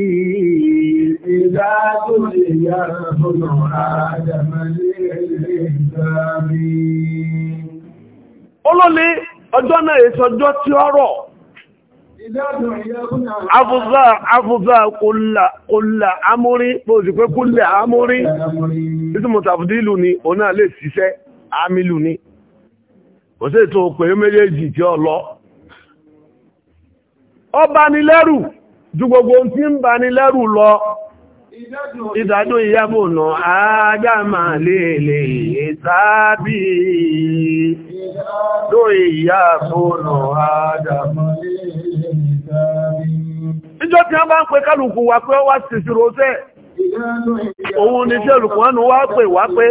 ìdádún ìyábùnù àádámà ọjọ́ náà tí afúfà afúfà kúlà amúrí pòsì pé kúlà amúrí títùmọ̀ tàfùdílù ni o náà lè ṣiṣẹ́ amílù ni kò sí ètò òpè méjèèjì tí ọ lọ ọ bá ní lẹ́rù gbogbo tí ń bá ní lẹ́rù lọ ìdádó ìyàbò ajá máa lè lè ìyàbò ajá máa lè lè níjọ́ tí wọ́n bá ń pe kálukú wa pé ose ti òun ni tí olùkùnránù wá pè wá pé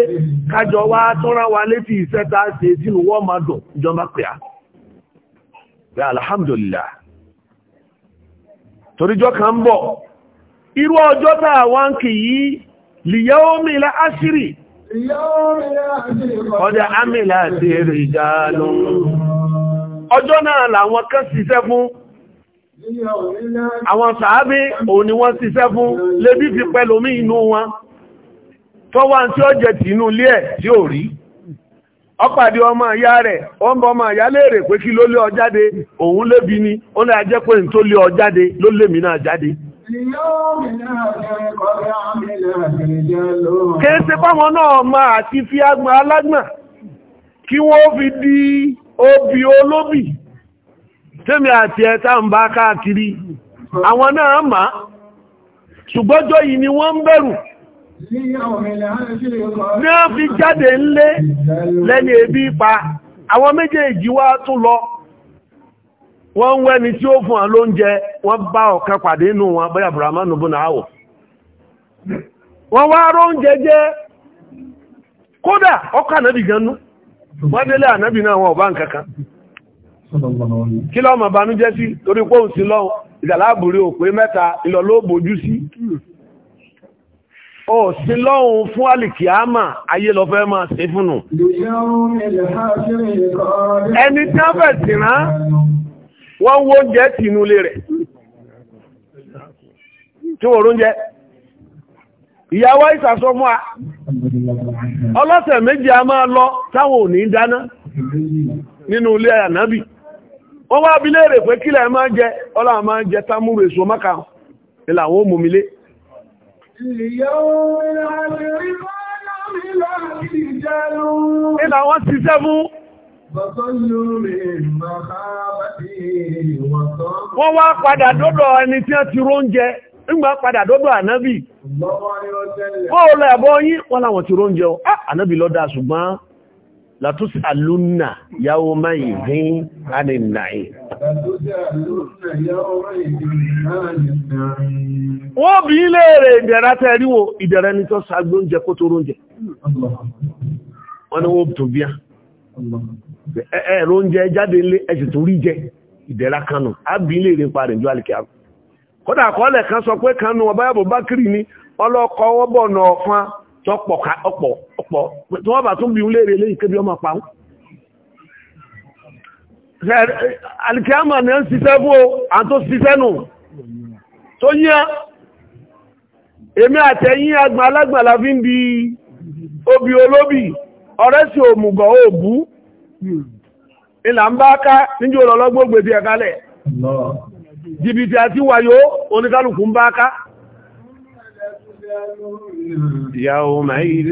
kájọ wá tọ́ra wa létí iṣẹ́ ṣe sínú wọ́n máa dùn ìjọba pè alhamdulillah toríjọ́ kan ń bọ̀ irú ọjọ́ tá ń kì yí lìyẹ́ omi ilẹ̀ áṣírì ọdẹ amìlà àti èrè ìjálùn ọjọ́ náà àwọn sàábí òun ni wọ́n ṣiṣẹ́ fún lébí fi pẹ́lómí inú wọn tó wá tí ó jẹ tìínú ilé ẹ̀ tí ó rí ọpàdé ọmọ ìyá rẹ̀ wọ́n bọ ọmọ ìyá léèrè pé kí ló lé ọ jáde òun lébi ni ó lè jẹ́ pé n tó lé ọ jáde ló lémi náà jáde kéèsè pàmọ́ náà ma àti fi agbọn alágbọn kí wọ́n fi di obì olóbì tẹ́mi àti ẹ̀ta ń bá káàkiri àwọn náà máa ṣùgbọ́jọ́ yìí ni wọ́n ń bẹ̀rù ní ó fi jáde ńlé lẹ́ni ebi pa àwọn méjèèjì wá tún lọ wọ́n ń wẹ́ni tí ó fún à lóúnjẹ wọ́n bá ọ̀kan pàdé inú wọn bẹ́yà buramanu bú náà wọ̀ wọ́n wá róúnjẹ jẹ́ kódà ọkọ̀ ànábì ganú wọ́n délé ànábì náà wọn ọ̀bá nǹkankan kí lọ́mọ̀ banújẹ́ sí torí pé òun sí lọ́hùn ìdàlábùrí òpé mẹ́ta ìlọ ló bójú sí ó sí lọ́hùn fún alìkìámà ayé lọ fẹ́ máa sí fúnnù ẹni tí wọ́n fẹ̀ sí rán wọ́n wó oúnjẹ tìnú lé rẹ̀ tí wọ́n róúnjẹ ìyàwó ìsàsọ fún wa a máa lọ táwọn ò ní dáná nínú ilé ànábì wọ́n wá bí léèrè pé kílẹ̀ máa jẹ ọlá máa jẹ támúrò èso mọ́ka ilẹ̀ àwọn òmùmílé ti sẹ́fún wọ́n wá padà dọ́dọ̀ ẹni tí a ti róúnjẹ nígbà padà dọ́dọ̀ ànábì bóòlẹ̀ ẹ̀bọ́ yí wọ́n láwọn ti róúnjẹ ah, ànábì lọ́dá ṣùgbọ́n latus alunna yau mai Wọ́n bí ilé rẹ̀ ìdẹ̀ra tẹ́ríwò ìdẹ̀ra ní tó sàgbó oúnjẹ kó tó róúnjẹ. Wọ́n ni wọ́n tó bíá. Ẹ̀rọ oúnjẹ jáde lé ẹ̀sì tó rí jẹ ìdẹ̀ra kanù. A bí ilé rẹ̀ alìkẹ́ tó pọ̀ ọ̀pọ̀ ọ̀pọ̀ tí wọ́n bá tún bí ń léèrè léyìn kébí ọmọ pa ń alìkíámà ní ń ṣiṣẹ́ fún àwọn tó ṣiṣẹ́ nù tó yíyá èmi àtẹ̀yìn agbà alágbàlá fi ń bi obì olóbì ọ̀rẹ́ sí òmùgọ̀ òbú ìlà ń bá ká níjò lọ́lọ́gbọ́gbèdì ẹ̀kálẹ̀ jìbìtì àti يومئذ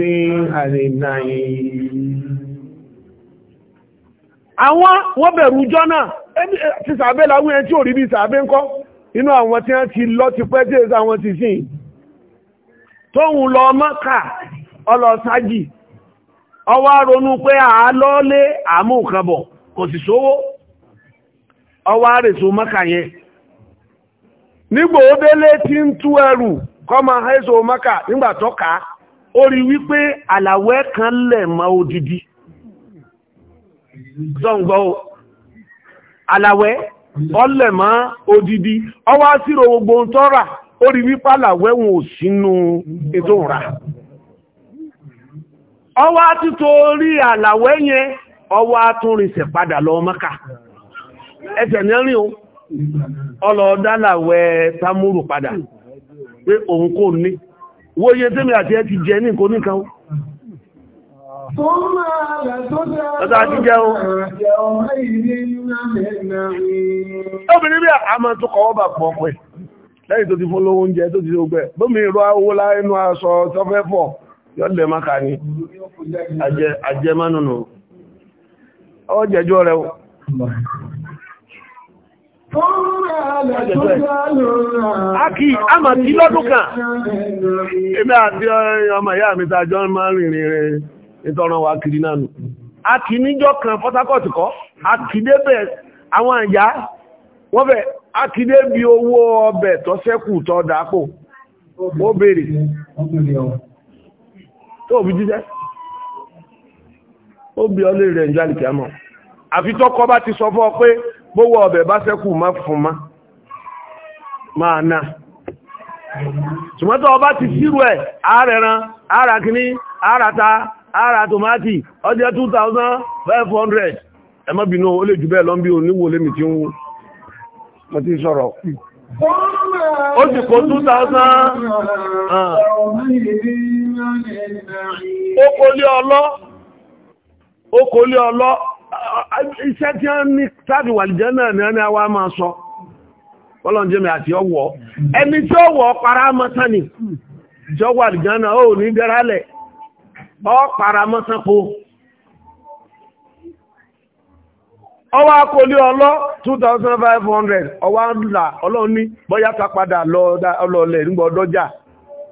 النعيم àwọn wọ́n bẹ̀rù jọ náà ti sàbẹ́ láwọn ẹni tí ò rí bí sàbẹ́ ń kọ́ inú àwọn tí wọ́n ti lọ ti pẹ́ tí èsà wọn ti sìn tóhun lọ mọ́kà ọlọ́sájì ọwá ronú pé àálọ́lé àmúkàbọ̀ kò sì sówó ọwá rèso mọ́kà yẹn nígbò ó délé ti ń tú ẹrù kọ́mọ haizo maka nígbà tó wípé kan lẹ̀ mọ́ odidi sọ́ǹgbọ́ àlàwẹ́ ọlẹ̀ odidi ọwá síro gbogbo tọ́rà ó wípé àlàwẹ́ wọn ò sínú ètò ìrà ọwá títò rí àlàwẹ́ yẹn ọwá tún padà lọ maka ẹsẹ̀ ní tamúrù pé òun kò ní wo iye tẹ́mi àti ẹ ti jẹ ní nǹkan oníkan ó ọ̀tá ti jẹ́ ó obìnrin bí àmọ́ tó kọ̀wọ́ bà pọ̀ pẹ̀ lẹ́yìn tó ti fún lówó oúnjẹ tó ti ṣe ogbẹ̀ bómi ìrọ owó láínú aṣọ tọ́fẹ́ pọ̀ yọ́lẹ̀ maka ni ajẹ́mánùnù ọjẹ́jọ́ rẹ̀ Aki, a mà tí lọ́dún kan. Èmi àti ọmọ ìyá mi tàjọ máa rìnrìn rẹ̀ ìtọ́ràn wa kiri náà nù. Aki níjọ́ kan Fọ́tákọ̀tì kọ́, Aki débẹ̀ àwọn àyá, wọ́n fẹ́ Aki dé bí owó ọbẹ̀ tó ṣẹ́kù tó dápò. Ó Tó òbí jíjẹ́. Ó bí ọlé rẹ̀ ń jálìkì àmọ́. bá ti sọ pé gbogbo ọbẹ̀ bá sẹ́kù má fún má máa náà ṣùgbọ́tọ̀ ọba ti sírù ẹ̀ ààrẹ̀ran ara kìíní àràta ara tòmátì ọjẹ́ 2500 ẹmọ́ bínú ó lè jù bẹ́ẹ̀ lọ bí oníwò lémi tí wọ́n ti sọ̀rọ̀ ó sì kó 2000 ó kò lé ọlọ́ iṣẹ́ tí a ní tàbí wàlìjẹ́ náà ni a ní àwa máa sọ àti ọwọ́ ẹni tí ó wọ́ paramọ́sán ni jọ àlìjẹ́ náà ó ní dẹ́rálẹ̀ ọ paramọ́sán po ọwọ́ akọlé ọlọ́ 2500 ọwọ́ bọ́yátà padà nígbà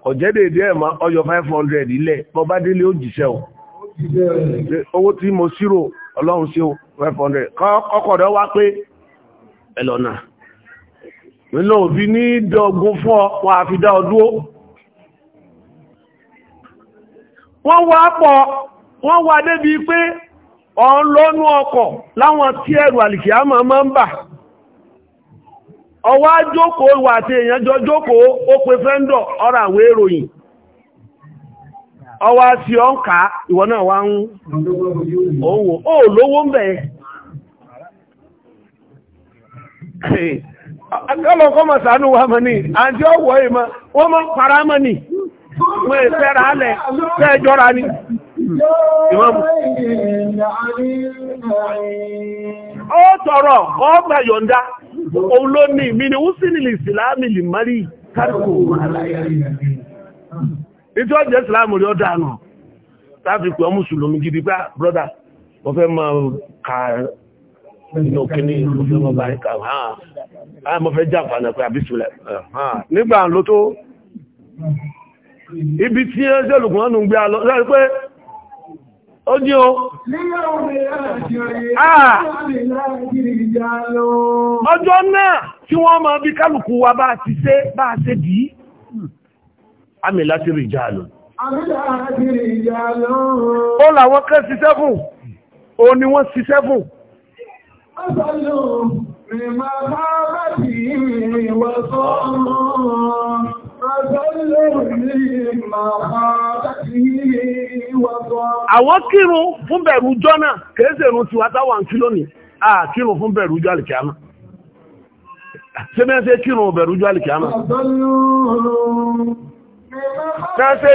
ọ̀jẹ́dẹ̀ẹ́dẹ́ ẹ̀mọ́ 500 ilẹ̀ ó jìṣẹ́ owó tí mo ṣírò ọlọ́run sí 500 kọ́kọ̀dọ̀ wá pé ẹlọ́nà nínú òbí ní dọ̀gún fún ọ wọn àfi dá ọdún wọ́n wá pọ̀ wọ́n wá débi pé ọ̀n lọ́nú ọkọ̀ láwọn tí ẹrù àlìkìyàmọ̀ máa ń bà ọwá jókòó ìwà àti èèyàn jọ jókòó ó pe fẹ́ndọ̀ ọ̀rọ̀ àwọn èròyìn ọwá tí ọ ń ká ìwọ náà wá ń owó ó lówó ń bẹ̀ ọlọ́kọ́ mọ̀ sánú wa mọ̀ ní àti ọwọ́ ìmọ̀ wọ́n mọ̀ para mọ̀ ní wọ́n ìfẹ́ra alẹ̀ fẹ́jọ́ra ní ìmọ̀mù ó tọrọ ọgbà yọ̀ǹda òun ló ní ìmìnirú sínìlì ìsìlámìlì mari kárìkò ètò ọjọ́ ìsìláàmù rí ọdá nù láti pẹ̀ mùsùlùmí gidi pé ah, brọ́dà wọ́n fẹ́ máa ka inú kíní ìlúfẹ́ mọ́ báyìí kà hàn án mọ́ fẹ́ jàǹfààní pé àbísùlẹ̀ ah, nígbà ló tó ibi tí ẹ ṣe olùkùn ọ̀nà gbé alọ́ láti pé ó ní o ah! ọjọ́ náà tí wọ́n máa bí kálukú wa bá ti ṣe bá ṣe dìí àmì láti rí ìjàlù ó làwọn kẹ́ ṣiṣẹ́ fún o ni wọ́n ṣiṣẹ́ fún Àwọn kírun fún bẹ̀rù jọ́nà kèésèrún ti wá táwà ń kí lónìí, a kírun fún bẹ̀rù jọ́ àlìkìámà. Ṣé mẹ́sẹ̀ kírun bẹ̀rù jọ́ àlìkìámà? na-ese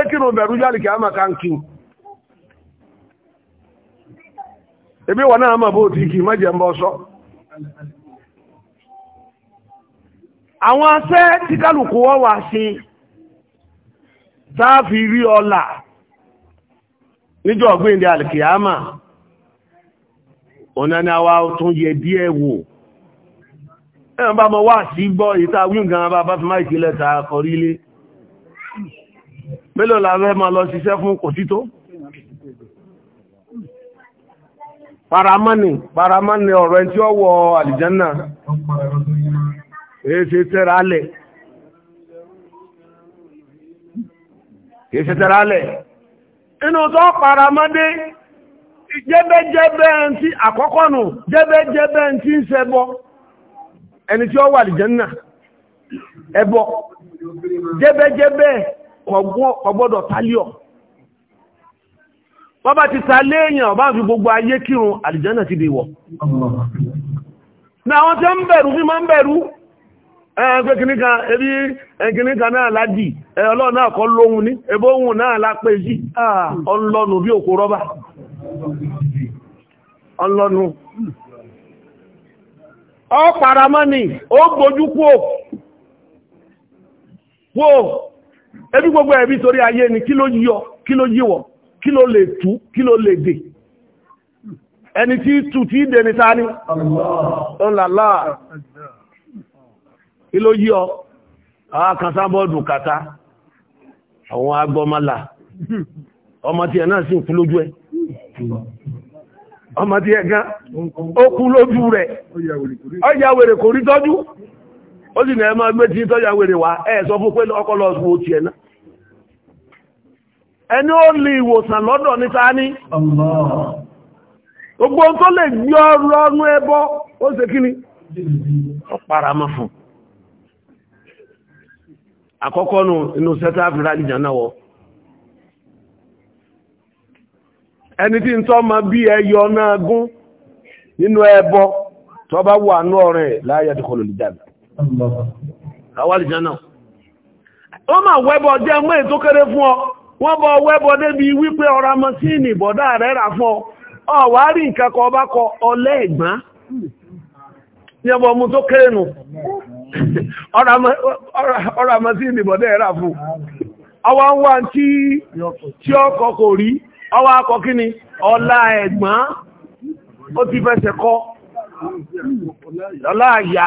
ekiri obere ujali ka amaka nki ebe wa na-ama bụ otu ike maji mba ọsọ awọn ase tikaluku wọn wa si saafi ri ọla níjọ ọgbìn ndị alikiyama onanawa tún yẹ bí ẹ wò. ẹ̀rùn bá mọ́ wà sí gbọ́ ìta wíǹgan bá bá fi máa ìkìlẹ̀ ta kọrí ilé mélòó la fẹ́ lọ ṣiṣẹ́ fún kò tító paramani paramani ọ̀rọ̀ ẹni tí ó wọ àlìjánà èéṣe tẹ́ra alẹ̀ èéṣe tẹ́ra alẹ̀ inú tó paramọ́dé jẹ́bẹ́jẹ́bẹ́ tí àkọ́kọ́ nù jẹ́bẹ́jẹ́bẹ́ tí ń ṣẹbọ́ ẹni tí ó wà ẹbọ jẹ́bẹ́jẹ́bẹ́ kò tálíọ̀ wọ́n bá ti bá fi gbogbo ayé kírun àlìjẹ́nà ti wọ ní àwọn tí ó ń bẹ̀rù fí máa ń bẹ̀rù ẹgbẹ́ kìníkan ebí ẹgbẹ́kìníkan náà ládì ọlọ́run náà ohun ọ paramọ́nì ó ọ kúò wó ebi gbogbo ebi torí aye ni kí ló yíọ kí ló yíwọ kí ló lè tú kí ló lè dè ẹni tí tù tí dè ní sáà ní ọlọ́lá kí ló yíọ àwọn kàtà àwọn agbọmọlà <laughs> ọmọ tí ẹ̀ náà sì lójú ẹ ọmọdé ẹ̀gán ó lójú rẹ̀ ọjà kò rí tọ́jú ó sì náà máa tí tọ́jà wèrè ẹ̀ sọ fún pé ọkọ̀ lọ òtì ẹ̀ ẹni ó lè ìwòsàn lọ́dọ̀ níta ní gbogbo tó lè ẹni tí ma bí ẹyọ náà gún nínú ẹbọ ọ bá wà ní ọ̀rẹ́ láyé àdìkọlù ìjànà wọ́n máa wẹ́bọ̀ jẹ́ mọ́ ètò kéré fún ọ wọ́n bọ wẹ́bọ̀ débi wípé ọ̀rá mọ́síìnì bọ̀dá rẹ̀ rà fún ọ rí nǹkan bá kọ ọlẹ́ ẹ̀gbọ́n ní ọmọ tó nù ọ̀rá bọ̀dá ọwọ́ akọ kí ni ọlá ẹ̀gbọ́n ó ti fẹsẹ̀ kọ́ ọlá àyá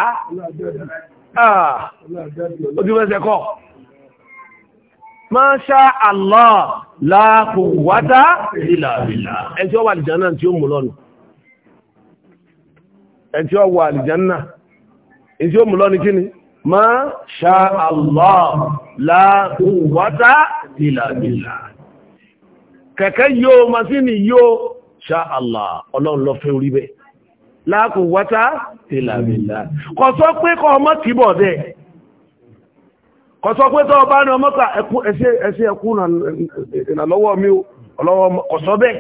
ó ti fẹsẹ̀ kọ́ Masha Allah la quwwata illa billah ẹni tí ó wà àlìjánà tí ó mú lọ́nu ẹni tí ó wà àlìjánà ẹni kẹ̀kẹ́ yóò masíni yóò ṣáàlá ọlọ́run lọ fẹ́ orí bẹ́ wátá pé kọ ọmọ kìbọ̀ dẹ̀ kọ̀ pé tọ́ ọba ní ọmọ́ta ẹsẹ́ na ìrànlọ́wọ́ mi ọlọ́wọ́ ọ̀sọ́ bẹ́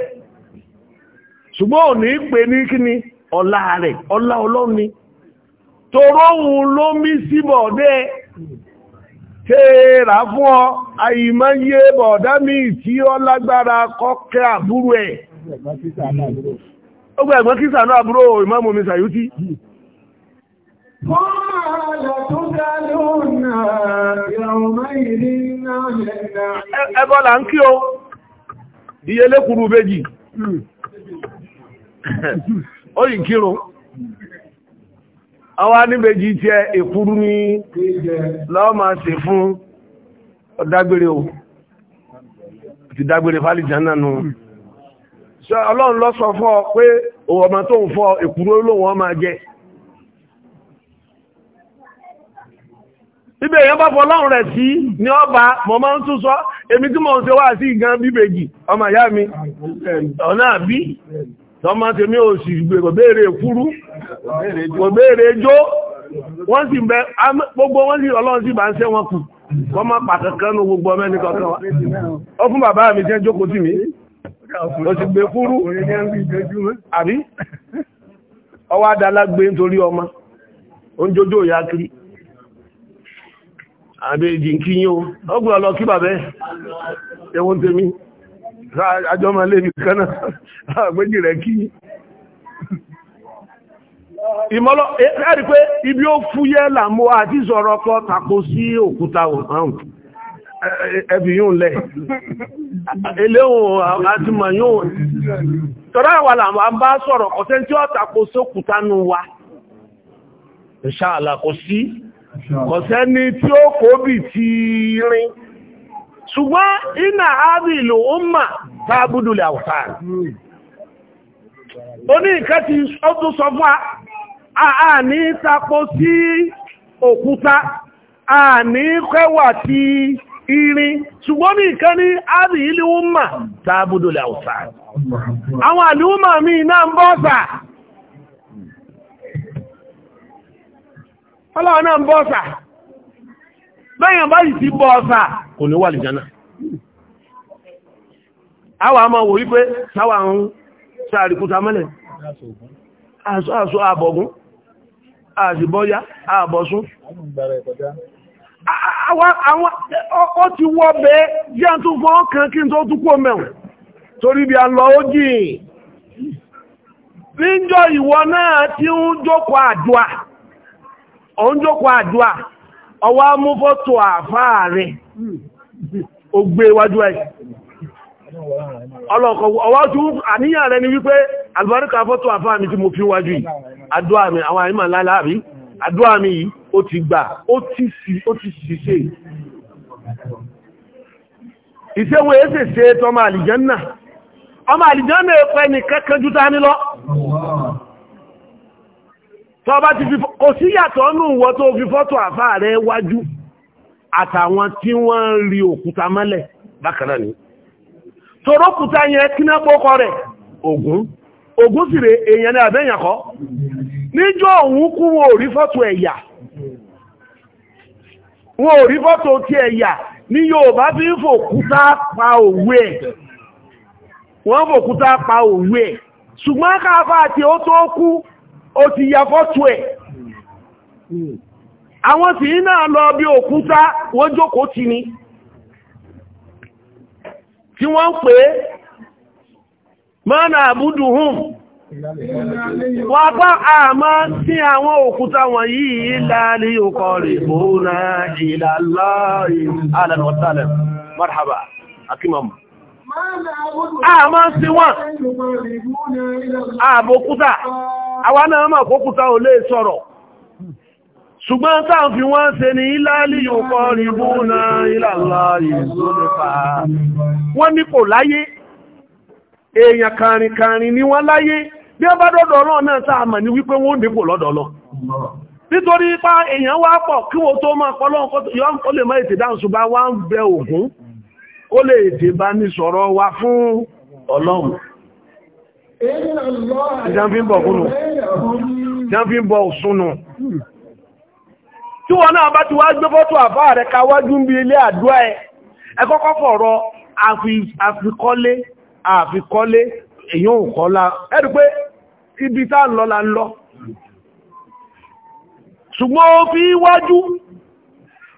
tèèrà fún ọ àìmọ́yé bọ̀dámì tí ó lágbára kọ́kẹ́ àbúrú ẹ̀ ó gbà ẹ̀gbọ́n kísà náà àbúrò ìmáàmù mi Sàyútì ẹbọ́ là ń kí o ìyẹlé kúrú méjì hmm. ó yìí kírun àwọn aníbejì jẹ èkúrú ní lọ́wọ́ máa ṣe fún ọ̀dágbére o ti dágbére fálìjà náà nù ọlọ́run lọ sọ fún ọ pé òwò ọmọ tó ń fọ èkúrú lóhun ọmọ jẹ ibẹ̀ èèyàn bá fọ ọlọ́run rẹ̀ sí ní ọba mọ̀ máa ń tún sọ èmi tí mò ń ṣe wá sí ìgan bíbejì ọmọ ìyá mi ọ̀nà àbí tọ́mọ́ tèmi ò sì gbé kò béèrè kúrú kò béèrè jó wọ́n sì bẹ gbogbo wọ́n sì ọlọ́run sì bá ń sẹ́ wọn kù kọ́ máa pàtàkàn ní gbogbo ọmọ ẹni kọ̀ọ̀kan wa ó fún bàbá mi jẹ́ jókòó tì mí ó sì gbé fúrú àbí ọwọ́ adala gbé nítorí ọmọ ó ń jójó ìyá kiri àbí ìjì ń kí yín bàbá ẹ̀wọ̀n tèmi àjọ máa lé nìkan náà àgbéjì rẹ̀ kí ìmọ́lọ́ ẹ̀rí pé ibi ó fúyẹ́ làmú àti sọ̀rọ̀ kọ́ tako sí òkúta ọ̀hún ẹbí yóò lẹ̀ eléhùn àti mà yóò tọ́rọ àwà bá sọ̀rọ̀ ọ̀tẹ́ tí ó tako sí òkúta nù wa ti rin ṣùgbọ́n iná àárí ìlò ó mà tábúdùlẹ̀ àwọ̀tá oní ìkẹ́ ti ọdún sọ fún àà ní tapo sí òkúta àà ní kẹwà ti irin ṣùgbọ́n ní ìkẹ́ ní àárí ìlú ó mà tábúdùlẹ̀ àwọ̀tá àwọn àlúmà mi na ń ọlọ́run náà bẹ́yàn báyìí ti bọ́ ọ̀sà kò ní wà lè jẹ́nà àwà àmọ́ wò wípé sáwà ń sàrìkúta mẹ́lẹ̀ àṣọ àbọ̀gún àṣìbọ́yá àbọ̀sún ó ti wọ́ bẹ́ jẹ́ kan kí n tó tún mẹ́wọ̀n torí bí a lọ ó jìn níjọ́ ìwọ náà ọwọ́ amúfọ́tò àfáà rẹ̀ ó gbé wájú ẹ̀ ọlọ́kọ̀ ọwọ́ tún àníyàn rẹ̀ ni wípé àlùbáríkà fọ́tò àfáà mi tí mo fi wájú yìí àdúrà mi àwọn àìmà láláàrí àdúrà mi yìí ó ti gbà ó ti ṣiṣẹ́ ìṣẹ́wọ̀n èsè ṣe tọmọ àlìjánà ọmọ àlìjánà ẹ̀pẹ́ ni kẹ́kẹ́ jú ta ní lọ tọ́ bá ti fi kò sí yàtọ̀ nù wọ́n tó fi fọ́tò àfá rẹ̀ wájú àtàwọn tí wọ́n rí òkúta mọ́lẹ̀ bákanáà ni torókúta yẹn kíná pọ́kọ rẹ̀ Ògún Ògún sì rẹ̀ èèyàn ní àbẹ́yànkọ́ níjọ́ òun kú wọn ò rí fọ́tò ẹ̀yà wọn ò rí fọ́tò ti ẹ̀yà ní Yorùbá fi ń fòkúta pa òwe ẹ̀ wọ́n fòkúta pa òwe ẹ̀ ṣùgbọ́n káfà àti ó tó kú ó ti ya fọ́tù ẹ̀ àwọn tí náà lọ bí òkúta wọ́n jókòó ti ni tí wọ́n ń pè mọ́nà àbúdù hùn wọ́n bá àmọ́ sí àwọn òkúta wọ̀nyí láàrin òkọ̀ rẹ̀ bóòrà ìlàlá marhaba akímọ̀mù àmọ́ sí wọ́n àbòkúta awa náà mọ̀ kókúta ò lè sọ̀rọ̀ ṣùgbọ́n táà fi wọ́n ṣe ní ìlàlì òkọ́ rìbú na ìlàlá ìlúlẹ́fà wọ́n ní kò láyé èèyàn kàrìnkàrìn ni wọ́n láyé bí ó bá dọ́dọ̀ ọlọ́ náà sáà mọ̀ ní wípé wọ́n nípò lọ́dọ̀ lọ nítorí pa èèyàn wá pọ̀ kí wo tó máa pọ̀ lọ́n kó lè mọ́ ètè dáhùn ṣùgbọ́n wá ń bẹ ògún kó lè ètè bá ní sọ̀rọ̀ wa fún ọlọ́run tí wọ́n náà bá ti wá gbé fọ́tò àfá rẹ̀ káwájú ń bí ilé àdúrà ẹ̀ ẹkọ́kọ́ fọ̀rọ̀ àfikọ́lé àfikọ́lé èyàn òkọ́lá ẹ̀rù pé ibi tá ń lọ la ń lọ ṣùgbọ́n ó fi wájú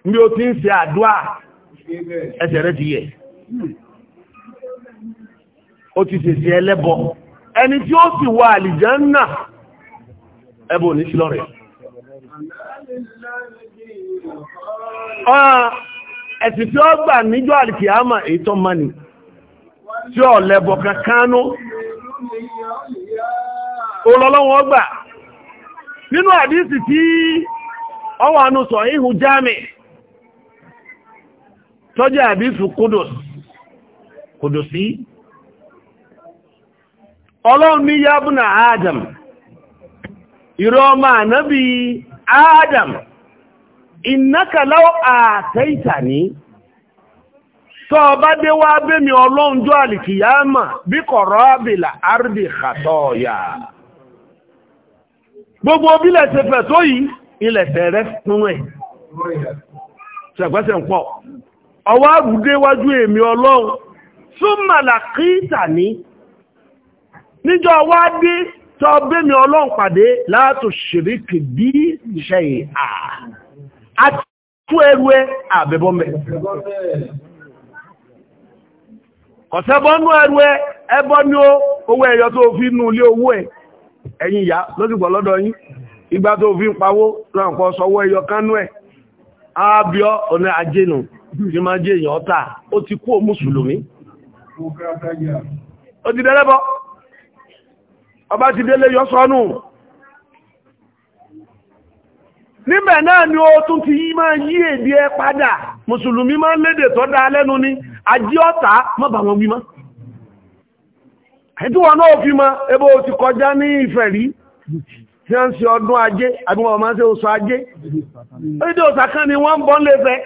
mi o ti ń ṣe àdúrà ẹsẹ̀ rẹ̀ ti yẹ̀ ó ti ẹlẹ́bọ̀ọ́ ẹni tí ó sì wà àlìjánà ẹbò ní sí lọ́rẹ̀ ẹ̀sì tí ó gbà níjọ́ àlìkìyàmà ètò mani tí ó lẹ́bọ̀ kankanú olọ́lọ́wọ́ gbà nínú àdísì tí ọwọ́ anú sọ ihu jami tọ́jẹ́ àdísì kúdùs kúdùsí ọlọ́run ní bú na adam ìrọ ọmọ ànábì adam ìnáka àtẹ́ìtà ní tọ́ ọba dé wá bẹ́mi ọlọ́run jọ àlìkìyàmà bí kọ̀rọ̀ àbìlà àrùbì kàtọ́ọ̀yà gbogbo bílẹ̀ ṣe tó yìí ilẹ̀ tẹ̀rẹ́ fún ẹ̀ ń pọ̀ níjọ́ wá dé tọ́ bẹ́mi ọlọ́run pàdé látò ṣìríkì bí ṣe à àti fún ẹrú ẹ àbẹ̀bọ́mẹ́ kọ̀sẹ́bọ́nú ẹrú ẹ ẹbọ́ ní owó ẹyọ tó fi nú ilé owó ẹ ẹ̀yìn ìyá lóṣùgbọ́ lọ́dọ̀ yín ìgbà tó fi ń pawó náà kọ́ sọwọ́ ẹyọ kánú ẹ̀ ábíọ́ ọ̀nà ajénù tí máa jẹ́ èèyàn ọ̀tà ó ti kú mùsùlùmí ó ti dẹ́lẹ́bọ́ ọba ti délé yọ sọ́nù níbẹ̀ náà ni ó tún ti yí máa yí èdè ẹ padà mùsùlùmí máa ń lédè tó dáa lẹ́nu ni ají ọ̀tá má bà wọn wímá ẹ̀tí wọn náà fi ma ẹbọ́ ti kọjá ní ìfẹ̀ rí tí wọ́n sí ọdún ajé àbí máa ṣe oṣù ajé orílẹ̀-èdè òsàkán ni wọ́n ń bọ́ lẹ́fẹ́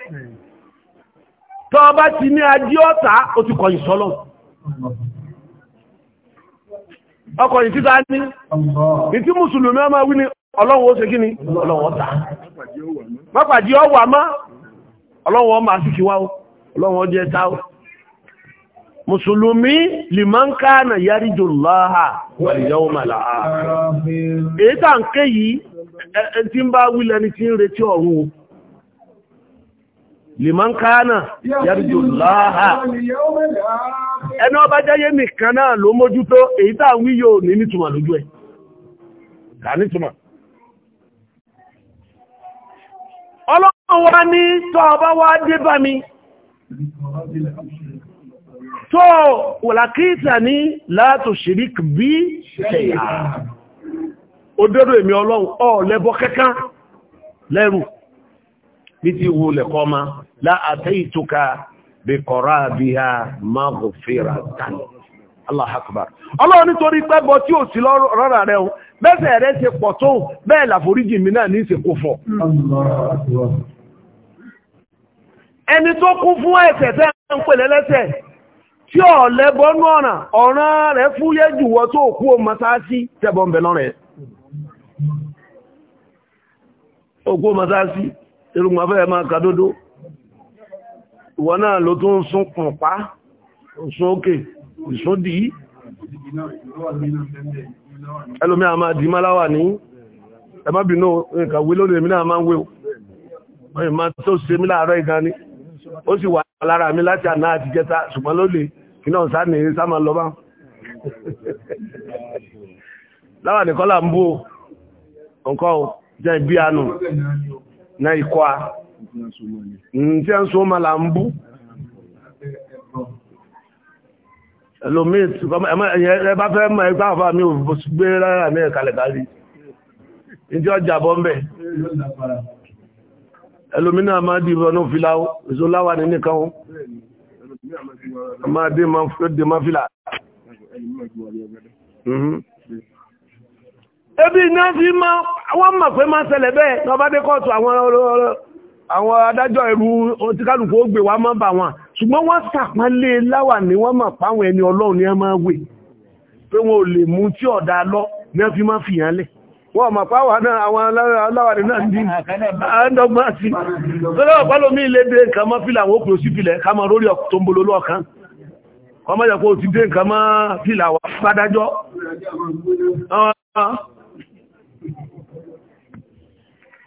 tọ́ ọba ti ní ají ọ̀tá ó ti kọ̀yìn sọ́lọ́ ọkọ̀ yìí títà ní ìtí mùsùlùmí ọmọ wí ní ọlọ́run ó kí ni ọlọ́run ọ̀tà mọ́pàdé ọwà má ọlọ́run ọmọ àṣìkí wá ọlọ́run ọjẹ́ ta mùsùlùmí lìmọ́nká nà ń ẹni ọba jẹ́yé nìkan náà ló mójútó èyí tàà wí yóò ní nítumọ̀ lójú ẹ̀ kà nítumọ̀ ọlọ́run wá ní tọ́ ọba wá dé bá mi tó wòlàkíta ní látò ṣìrík bí ṣẹ̀yà òdodo èmi ọlọ́run ọ̀ lẹ́bọ kẹ́kán lẹ́rù ní ti wo lẹ̀kọ́ ma láàtẹ́ ìtòkà bíkọ̀rábíhá mágòfèrà Allah akbar. Allah nítorí pẹ́bọ tí ò sí rẹ̀ o, bẹ́sẹ̀ rẹ̀ ṣe pọ̀ tó bẹ́ẹ̀ làforíjì mi náà ní ìsìnkú fọ̀. Ẹni tó kún fún ẹ̀ṣẹ̀ tẹ́ ń pè lẹ́lẹ́ṣẹ̀ tí ò lẹ́bọ́nú ọ̀nà ọ̀ràn rẹ̀ fúyẹ́ jù wọ́ tó kú o mọ́sáàsí tẹ́bọ̀ ń lọ́rẹ̀. ìwọ náà ló tún sún pọ̀npá sún òkè ìsún dì í ẹlòmí a máa dì máláwà ní ẹmọ́bìnú nǹkan wí lónìí èmi náà máa ń wé oye ma tó ṣe mí láàárọ̀ ìgan ni ó sì wà lára mi láti àná àti jẹta ṣùgbọ́n ló lè iná ọ̀sá là ń bó nǹkan jẹ́ ìbí àánú náà ikọ́ a tí a ń so ma là ń bú ẹlòmíì ẹ bá fẹ́ mọ̀ ẹgbẹ́ àfà mi ò gbé rárá mi ẹ̀kalẹ̀ kárí ìjọ jàbọ́ ń bẹ̀ ẹlòmíì náà máa dìbò ọ̀nà òfìláwó èso láwà ní nìkan ó máa dé máa fìlà ebi náà fi máa wọ́n mọ̀ pé máa ṣẹlẹ̀ bẹ́ẹ̀ lọ́bádé kọ́ọ̀tù àwọn ọlọ́ọ̀lọ́ àwọn adájọ́ ẹ̀rù ti kálùkù ó gbé wá mọ́ bà wọn ṣùgbọ́n wọ́n sàpánlé láwà ní wọ́n mọ̀ páwọn ẹni ọlọ́run ní ẹ máa wè pé wọn ò lè mú tí ọ̀dà lọ ní ẹ fi máa fi hàn lẹ̀ wọ́n mọ̀ páwà náà àwọn aláwàdì náà ní àádọ́gbọ́n sí lọ́wọ́ pálómí ilé dé nǹkan mọ́ fílà àwọn òkùnrin sí fílẹ̀ ká mọ́ lórí tó ń bolo lọ́ọ̀kan ọmọ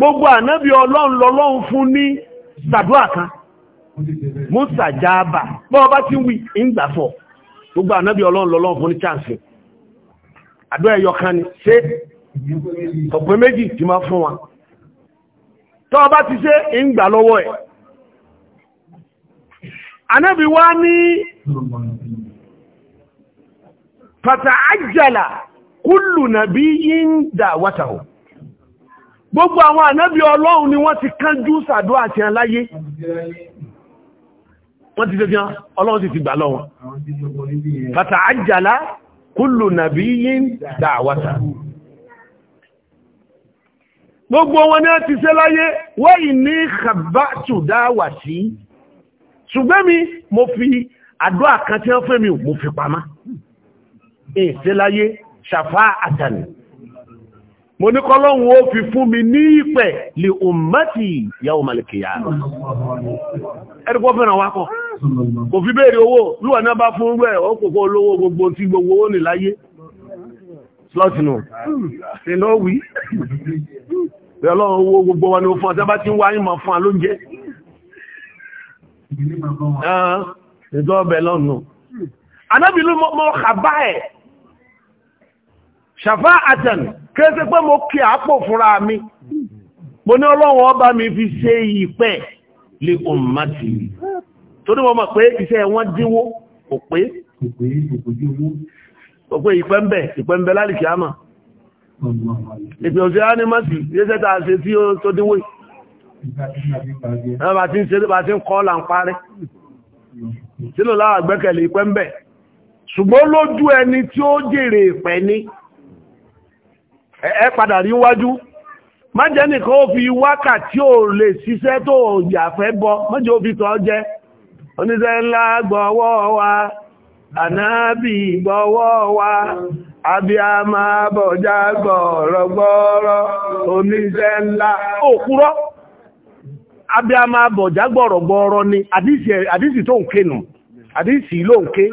gbogbo ànábì ọlọ́run lọ́lọ́run fún ní sàdúà kan musa jaaba bọ́ ọba tí wí ìgbàfọ́ gbogbo ànábì ọlọ́run lọ́lọ́run fún ní chance àdúrà ẹyọ kan ni ṣe ọ̀pẹ méjì tí fún wa tọ́ ọba ti ṣe ìgbà lọ́wọ́ ẹ̀ ànábì wá ní pàtàkì àjàlà kúlù nàbí yín dà wátàwọ̀ gbogbo àwọn ànábì ọlọ́run ni wọ́n ti kánjú sàdó àti aláyé wọ́n ti fẹ́fẹ́ ọlọ́run sì ti gbà lọ́wọ́ bàtà àjàlá kúlù nàbí yí dáàwátà gbogbo wọn ni a ti ṣe láyé wọ́n yìí ní kàbátù dáwà sí ṣùgbọ́n mi mo fi àdó àkántí ọ́fẹ́ mi mo fi pamá ṣàfá àtàní mo ní kọ́lọ́hun ó fi fún mi ní ìpẹ̀ lè òmátì yàwó malikiyà ẹ̀rùpọ̀ fẹ́ràn wá kọ́ kò fi béèrè owó lúwà náà bá fún rẹ̀ ó kòkó olówó gbogbo tí gbogbo ó nì láyé slọ́tìnù iná wí ọlọ́run owó gbogbo wa ni ó fún àtẹ́bá tí ń wá ìmọ̀ fún alóúnjẹ ẹ̀ẹ́dọ́bẹ̀ lọ́nà anábìlú mọ́ kàbá ṣàfá àtẹ̀nù kéèsé pé mo kí àpò fúnra mi mo ní ọlọ́run ọba mi fi ṣe ìpẹ́ lè ọmọdé torí wọ́n mọ̀ pé iṣẹ́ wọn dínwó kò pé òpé ìpẹ́m̀bẹ̀ ìpẹ́m̀bẹ̀ lálìkì àmà ìpẹ̀ òṣèrè ánimọ́sì yẹ́sẹ́ tàà ṣe tí ó tó dínwó ẹ̀bà tí ń ṣe bá tí ń kọ́ là ń parí sílò láwà gbẹ́kẹ̀lẹ̀ ìpẹ́m̀bẹ̀ ṣùgbọ́n lójú ẹni tí ó jèrè ìpẹ́ ní ẹ padà rí wájú nìkan ó fi wákàtí ò lè ṣiṣẹ́ tó yàfẹ́ bọ mọ́jẹ́ ó fi tọ́ jẹ́ oníṣẹ́ ńlá gbọ́wọ́ wa ànábì gbọ́wọ́ wa abíámá bọ̀já gbọ̀rọ̀gbọ́rọ̀ oníṣẹ́ ńlá òkúrọ́ abíámá bọ̀já gbọ̀rọ̀gbọ́rọ̀ ni tó ń ló ń ké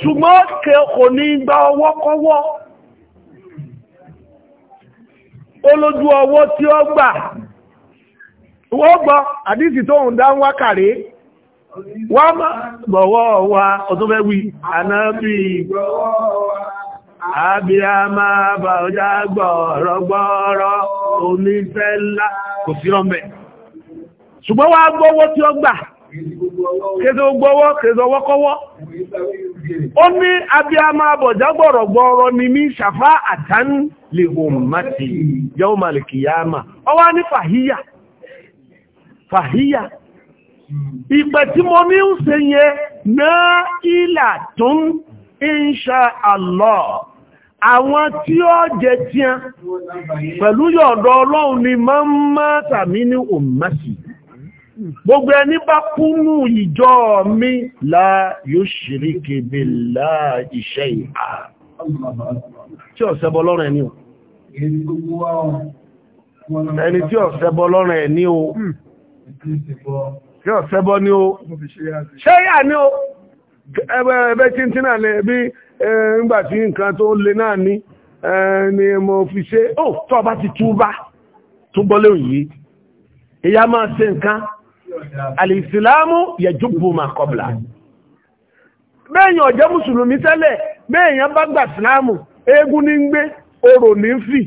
ṣùgbọ́n ó lójú ọwọ́ tí ó gbà wọ́n gbọ́ àdísì tó ń dá ń wá kàrí wọ́n mọ́ bọ̀wọ́ wa ọdún fẹ́ wí ànábì àbíyàmá bàjá gbọ̀rọ̀gbọ̀rọ̀ onífẹ́ ńlá kò sí rọ́mbẹ̀ ṣùgbọ́n wá gbọ́wọ́ tí ó gbà kéde gbọ́wọ́ kéde ọwọ́kọ́wọ́ ó ní abiyama abọ̀já gbọ̀rọ̀gbọ̀rọ̀ ni mí ṣàfá àtán lè ummati yawma al-qiyama ọ wá ní fàhíyà fàhíyà ìpẹ̀ tí mo ní ń ṣe yẹ náà ìlà tún insha Allah àwọn tí ó jẹ tí a pẹ̀lú yọ̀dọ̀ ọlọ́run ni máa ń máa tàmí ní ummati gbogbo ẹni bá kúnnú ìjọ mi la yushiriki billahi shay'a tí ọ̀sẹ̀bọ̀ lọ́rọ̀ ẹni o ẹni tí ọ̀sẹ̀bọ̀ lọ́rọ̀ ẹni o tí ọ̀sẹ̀bọ̀ ni o ṣẹ́yà ni o ẹgbẹ́ tí tí náà bí ńgbà nǹkan tó lè náà ní ni mo fi ṣe ó tọ́ bá ti túbá túbọ́lé òyìí ìyá máa ṣe nǹkan alìsìláàmù yẹjúbù ma kọbla bẹ́ẹ̀yàn ọ̀jẹ́ mùsùlùmí tẹ́lẹ̀ bẹ́ẹ̀yàn bá gbà síláàmù eégún ní ń gbé orò ní ń fì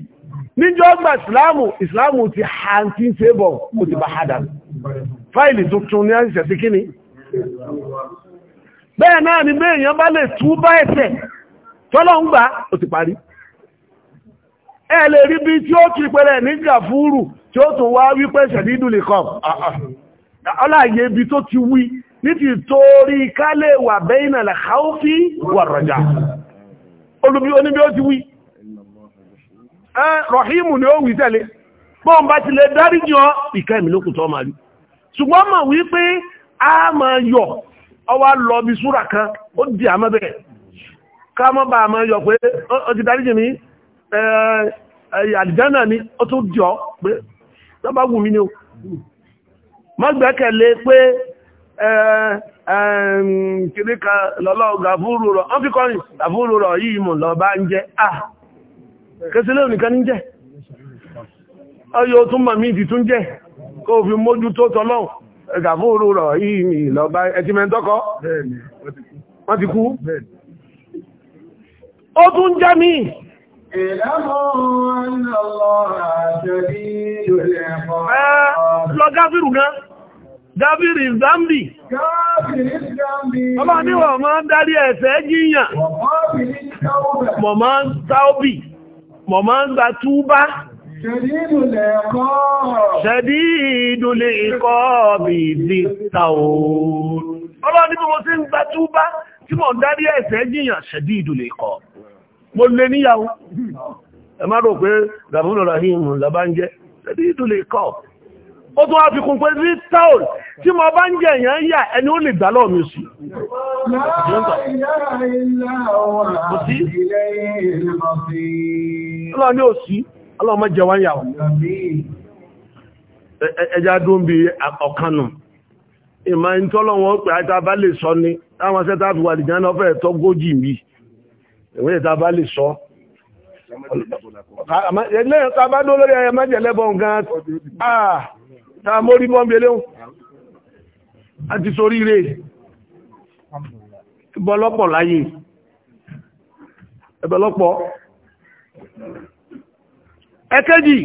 níjọ́ gbà síláàmù ìsìláàmù ti ha ti ń tẹ́bọ̀ kò ti bá hádà fáìlì tuntun ní àṣìṣẹ́ sí kíni bẹ́ẹ̀ náà ni bẹ́ẹ̀yàn bá lè tú bá ẹ̀ṣẹ̀ tọ́lọ́ ń gbà ó ti parí ẹ lè rí bí tí ó kí pẹ̀lẹ̀ ní gàfúrù tí ó tún wá wípé ṣẹ̀dídù lè kọ́ ọláyé ibi tó ti wí nítorí kálẹ̀ wà bẹ́ẹ̀nà làkáófí wà rọ̀já olùbí oníbí ó ti wí rọ̀hímù ni ó wí tẹ́lẹ̀ pọ́n bá ti lè dáríjì ọ ìkẹ́ ìmìlókù tó máa rí ṣùgbọ́n mọ̀ wípé a máa yọ ọwá lọ bí súra kan ó di àmọ́bẹ̀ ká mọ́ bá mi ni ó tún jọ ni ó mọ́gbẹ́kẹ̀lé pé kìríkà lọ́lọ́ gàfúrú rọ̀ wọ́n fi kọrin gàfúrú rọ̀ yìí mọ̀ lọ bá ń jẹ́ ah kẹsílẹ̀ òníkan ní jẹ́ ọyọ́ tún mọ̀ mí ti tún jẹ́ kó fi mójú tó tọ́lọ́ gàfúrú rọ̀ yìí lọ bá ẹtìmẹ́ntọ́kọ́ wọ́n ti kú ó tún jẹ́ mí Lọ gáfìrù Gáfìrì Zambi. Ọba ní wọ̀n máa ń darí ẹ̀ṣẹ̀ jíyàn. Mọ̀ máa ń táóbì. Mọ̀ máa ń gba túbá. Ṣẹ̀dí ìdúlé ikọ́ bí ìdí tàó. Ọba ní mo ti ń gba túbá tí mọ̀ darí ẹ̀ṣẹ̀ jíyàn ṣẹ̀dí ìdúlé ikọ́. Mo lè níyàwó. Ẹ má rò pé Gàbúrò Rahim Labánjẹ́, ṣẹ̀dí ìdúlé ikọ́ ó tún wá fi kún pé rí táòl tí mo bá ń jẹ èèyàn yà ẹni ó lè gbà lọ́ọ̀ mi sí ọlọ́ọ̀ ní òsí ọlọ́ọ̀ mọ́ jẹ wá ń yà wọ́n ẹja dún bí ọ̀kanù ìmọ̀ ìtọ́lọ́wọ́n pẹ̀ àti abá lè sọ ni táwọn sẹ́ta fi wà nìjẹ́ náà fẹ́ẹ̀ tọ́gójì mi ìwé ìta bá lè sọ ẹlẹ́yìn tá lórí ẹyẹ mẹ́jẹ̀lẹ́bọ̀n gan-an ah! ta mórí mọ́ mẹ́lẹ́hùn àti sorí rẹ̀ ìbọ̀lọ́pọ̀ láyé ìbọ̀lọ́pọ̀ ẹkẹ́jì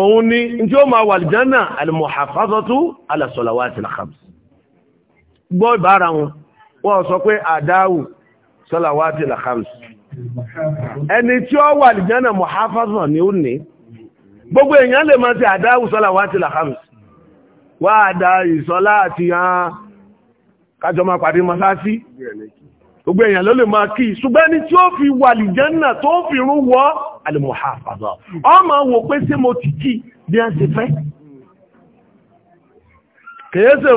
òun ni tí ó máa wà lìjánà alìmọ̀hàfázọ́tú alàsọ̀làwà àti làkàbùs gbọ́ ìbára wọn wọ́n sọ pé àdáwù sọ́làwà àti làkàbùs ẹni tí ó wà mọ̀hàfázọ́ ni ó ní gbogbo èèyàn lè máa ti àdá ìsọ́lá wá ti wá àdá ìsọ́lá àti àwọn máa pàdé gbogbo èèyàn ló lè máa kí ṣùgbọ́n tí ó fi wà lìjánà tó fi rún wọ́ alìmọ̀háfàzọ́ ọmọ wò pé sí mo ti kí bí a fẹ́ kèyẹ́sẹ̀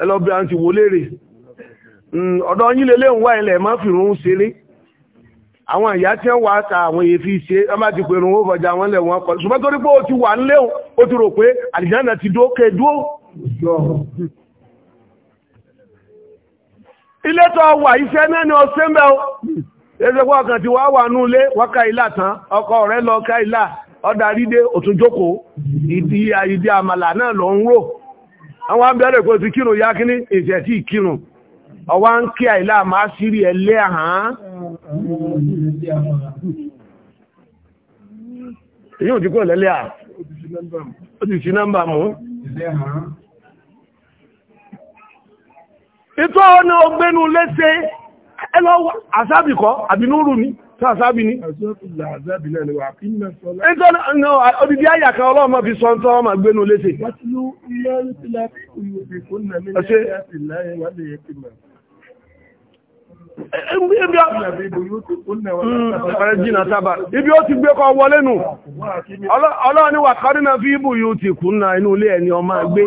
ẹ lọ bí hmm, ọ̀dọ̀ yín lè léhùn wá ilẹ̀ má fìrún ṣeré àwọn ìyá tí wọ́n wá ta àwọn èéfì ṣe ọmọ ti pèrún ó wọn lẹ̀ wọ́n kọ́ ṣùgbọ́n torí pé ó ti wà ń ó ti rò pé ti dúó kẹ dúó ilé tó wà iṣẹ́ náà ni o ẹsẹ̀ ọkàn wà wákà ọkọ rẹ̀ lọ ká ọ̀dà òtún jókòó ìdí àmàlà àwọn abẹ́rẹ̀ kò ti ya kí ní ìṣẹ̀ tí kírun ọwá ń kí àìlà máa sírí ẹlẹ́ àhán èyí ò ti kúrò lẹ́lẹ́ à ó ti sí nọ́mbà mú ìtọ́ ọ̀nà ọgbẹ́nu sáàsábì ní. nítorí odidi àyà kan ọlọ́run máa fi sọ ntọ́ ọmọ gbénu léṣe. Ẹ̀jìnà mm, sábà. Ibi ó ti gbé kọ wọlé nù. Ọlọ́run ni wà kárí náà fi ibù yóò ti kú náà inú ilé ẹni ọmọ gbé.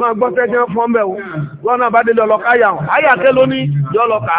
Máa gbọ́ tẹ́jẹ́ fún ọmọ ẹ̀wọ̀. Lọ́nà bá délé ọlọ́ka yà hàn. Ayà tẹ́ lóní yọ́ lọ́ka.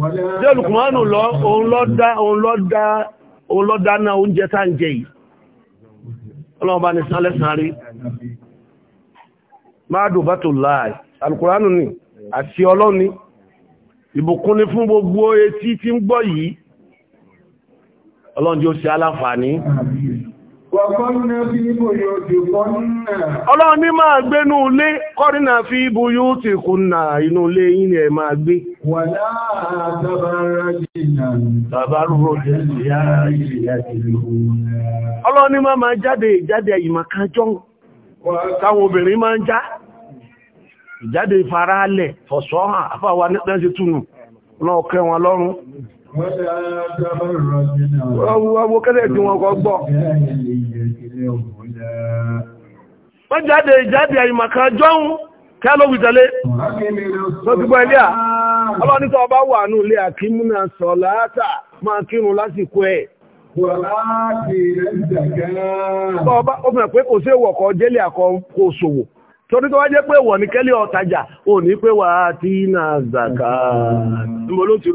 bí olùkùnmọ́nù lọ òun lọ dáná oúnjẹ tá ń jẹ yìí ọlọ́ọ̀bá ní sálẹ́sàn rí máa dùn bá tó láì alùkùránù ni àti ọlọ́ni ìbùkún ni fún gbogbo etí tí ń gbọ́ yìí ọlọ́njẹ́ ó ṣe aláǹfààní Ọlọ́run ní máa gbé ní ilé, kọ́rínà fi ibu yóò ti kùnà inú ilé yìí ni ẹ máa gbé. Wà Ọlọ́run ní máa máa jáde ìjáde ìmọ̀kan jọ́ táwọn obìnrin máa ń já. Ìjáde Ọwọ́ kẹ́lẹ̀ tí wọn kọ gbọ́. Wọ́n jáde ìjáde àìmàkà jọun kẹ́ ló wìtẹ̀lé. Tó ti gbọ́ ilé à. Ọlọ́nítọ́ ọba wà ní ilé àkímúnà sọ láátà máa kírun lásìkò ẹ̀. Ó fẹ́ pé kò sí náà zàkà. Mo ló ti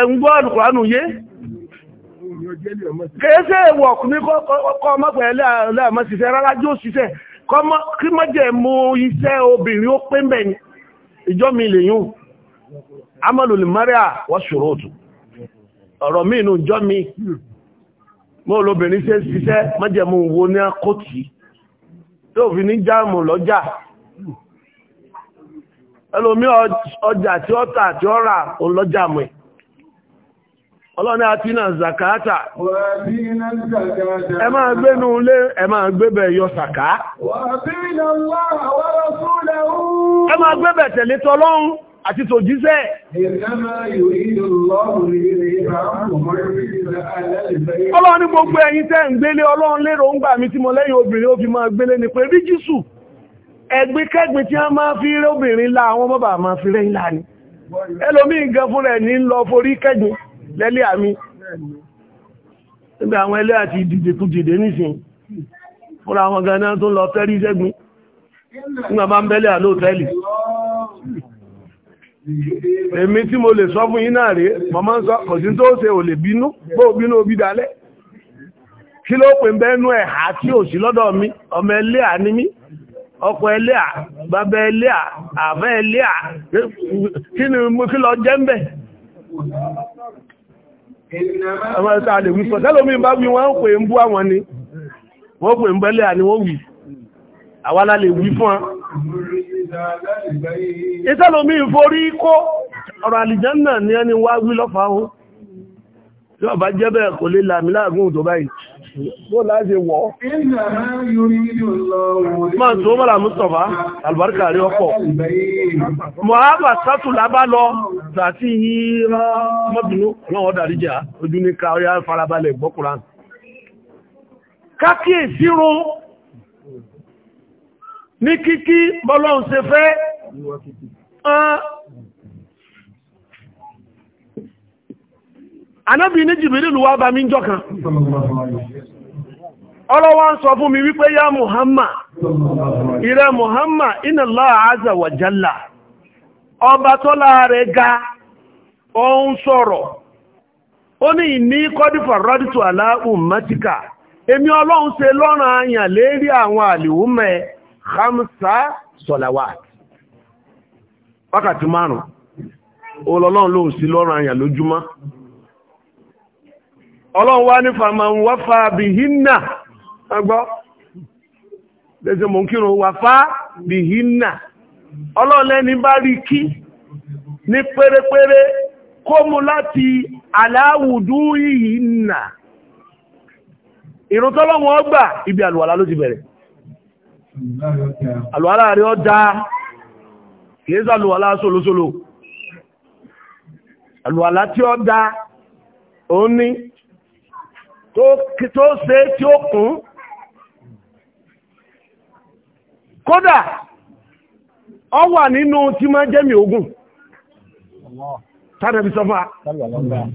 ẹ̀hùn gbọ́ àdùkùránù yé kèése ìwọ̀ ọkùnrin kọ́ ọmọ pẹ̀lú àmọ́síṣẹ́ rárá jí ó ṣiṣẹ́ kí mọ́ jẹ́ mú iṣẹ́ obìnrin ó pé mẹ́yìn ìjọ́ mi lèyún amọ́lùlì mẹ́rẹ́ wọ́n ṣòro òtù ọ̀rọ̀ mi inú ìjọ́ mi mọ́ olóbìnrin ṣe ṣiṣẹ́ mọ́ jẹ́ mú wo ní akótì fi ní jáàmù lọ́jà ẹlòmí ọjà tí ó tà tí ó rà òun ẹ̀ ọlọ́ni àti náà zakata ẹ máa gbé ní ilé ẹ máa gbébẹ̀ yọ sàká ẹ máa gbébẹ̀ tẹ̀lé tọ́lọ́run àti tòjíṣẹ́ ọlọ́ni gbogbo ẹ̀yin tẹ́ ń gbélé ọlọ́run lérò ń gbà mí tí mo lẹ́yìn obìnrin ó fi máa gbélé ni pé rí jísù ẹgbẹ́kẹ́gbẹ́ tí a máa fi rí obìnrin lá àwọn mọ́bà máa fi ni ẹlòmí gan fún rẹ̀ ní lọ forí lẹ́lẹ́ àmì nígbà àwọn ẹlẹ́ àti ìdìdè tó dìdè nìsìn fúnra àwọn gana tó lọ tẹ́rí sẹ́gun nígbà bá ń bẹ́lẹ̀ àlò tẹ́lì èmi tí mo lè sọ fún yín náà rèé màmá ń sọ kò sí tó ṣe ò lè bínú bó bínú òbí dalẹ́ kí ló pè bẹ́ẹ̀nú ẹ̀ àti òsì lọ́dọ̀ mi ọmọ ẹlẹ́ àní mi ọkọ̀ ẹlẹ́ à bàbá ẹlẹ́ à àfẹ́ ẹlẹ́ à kí ni mo kí lọ jẹ́ ń bẹ̀ àwọn ẹ̀ta àlè wí sọ mi bá wí wọ́n pè ń bú àwọn ni wọ́n pè ń bẹ́lẹ̀ àni wọ́n wì àwálá lè wí fún wọn ìtẹ́lómi ìforí kó ọ̀rọ̀ àlìjánà ni ẹni wá wí lọ́fàá ó tí ọba jẹ́ bẹ́ẹ̀ bó láti wọ́. Máa tó mọ́ra Mustapha, albarka rí ọpọ̀. Mọ̀hábà sátùlá bá lọ, tàti yí mọ́bìnú, wọ́n ọ̀dà ríjà, ojú ní ká ọya farabalẹ̀ gbọ́kùnrán. Kákíè síró ní kíkí bọ́lọ́un ṣe fẹ́, anábì ní jìbìrìlù wá bá mi ń jọ́kan ọlọ́wọ́ ń sọ fún mi wípé yá Muhammad ìrẹ Muhammad inna Allah azza wa ọba tọ́lá rẹ̀ ga ó ń sọ̀rọ̀ ó ní ìní kọ́dífà rádìtò ala ummatika èmi ọlọ́run ṣe anya àyàn lérí àwọn àlìwúmẹ̀ hamsa salawat wákàtí márùn-ún olọ́lọ́run lóhùn sí lọ́rùn àyàn lójúmọ́ ọlọ́wọ́ ní fàmà ń wáfà bí hínà agbọ́ lẹ́sẹ̀ mọ̀ wáfà bí hínà bá rí kí ní pérépéré kó mú láti aláwùdú hínà ìrun tọ́lọ́run ọgbà ibi àlùwàlá ló ti bẹ̀rẹ̀ tó tí ó kún kódà ọ wà nínú tí máa jẹ́ ogun tánàbí sọfà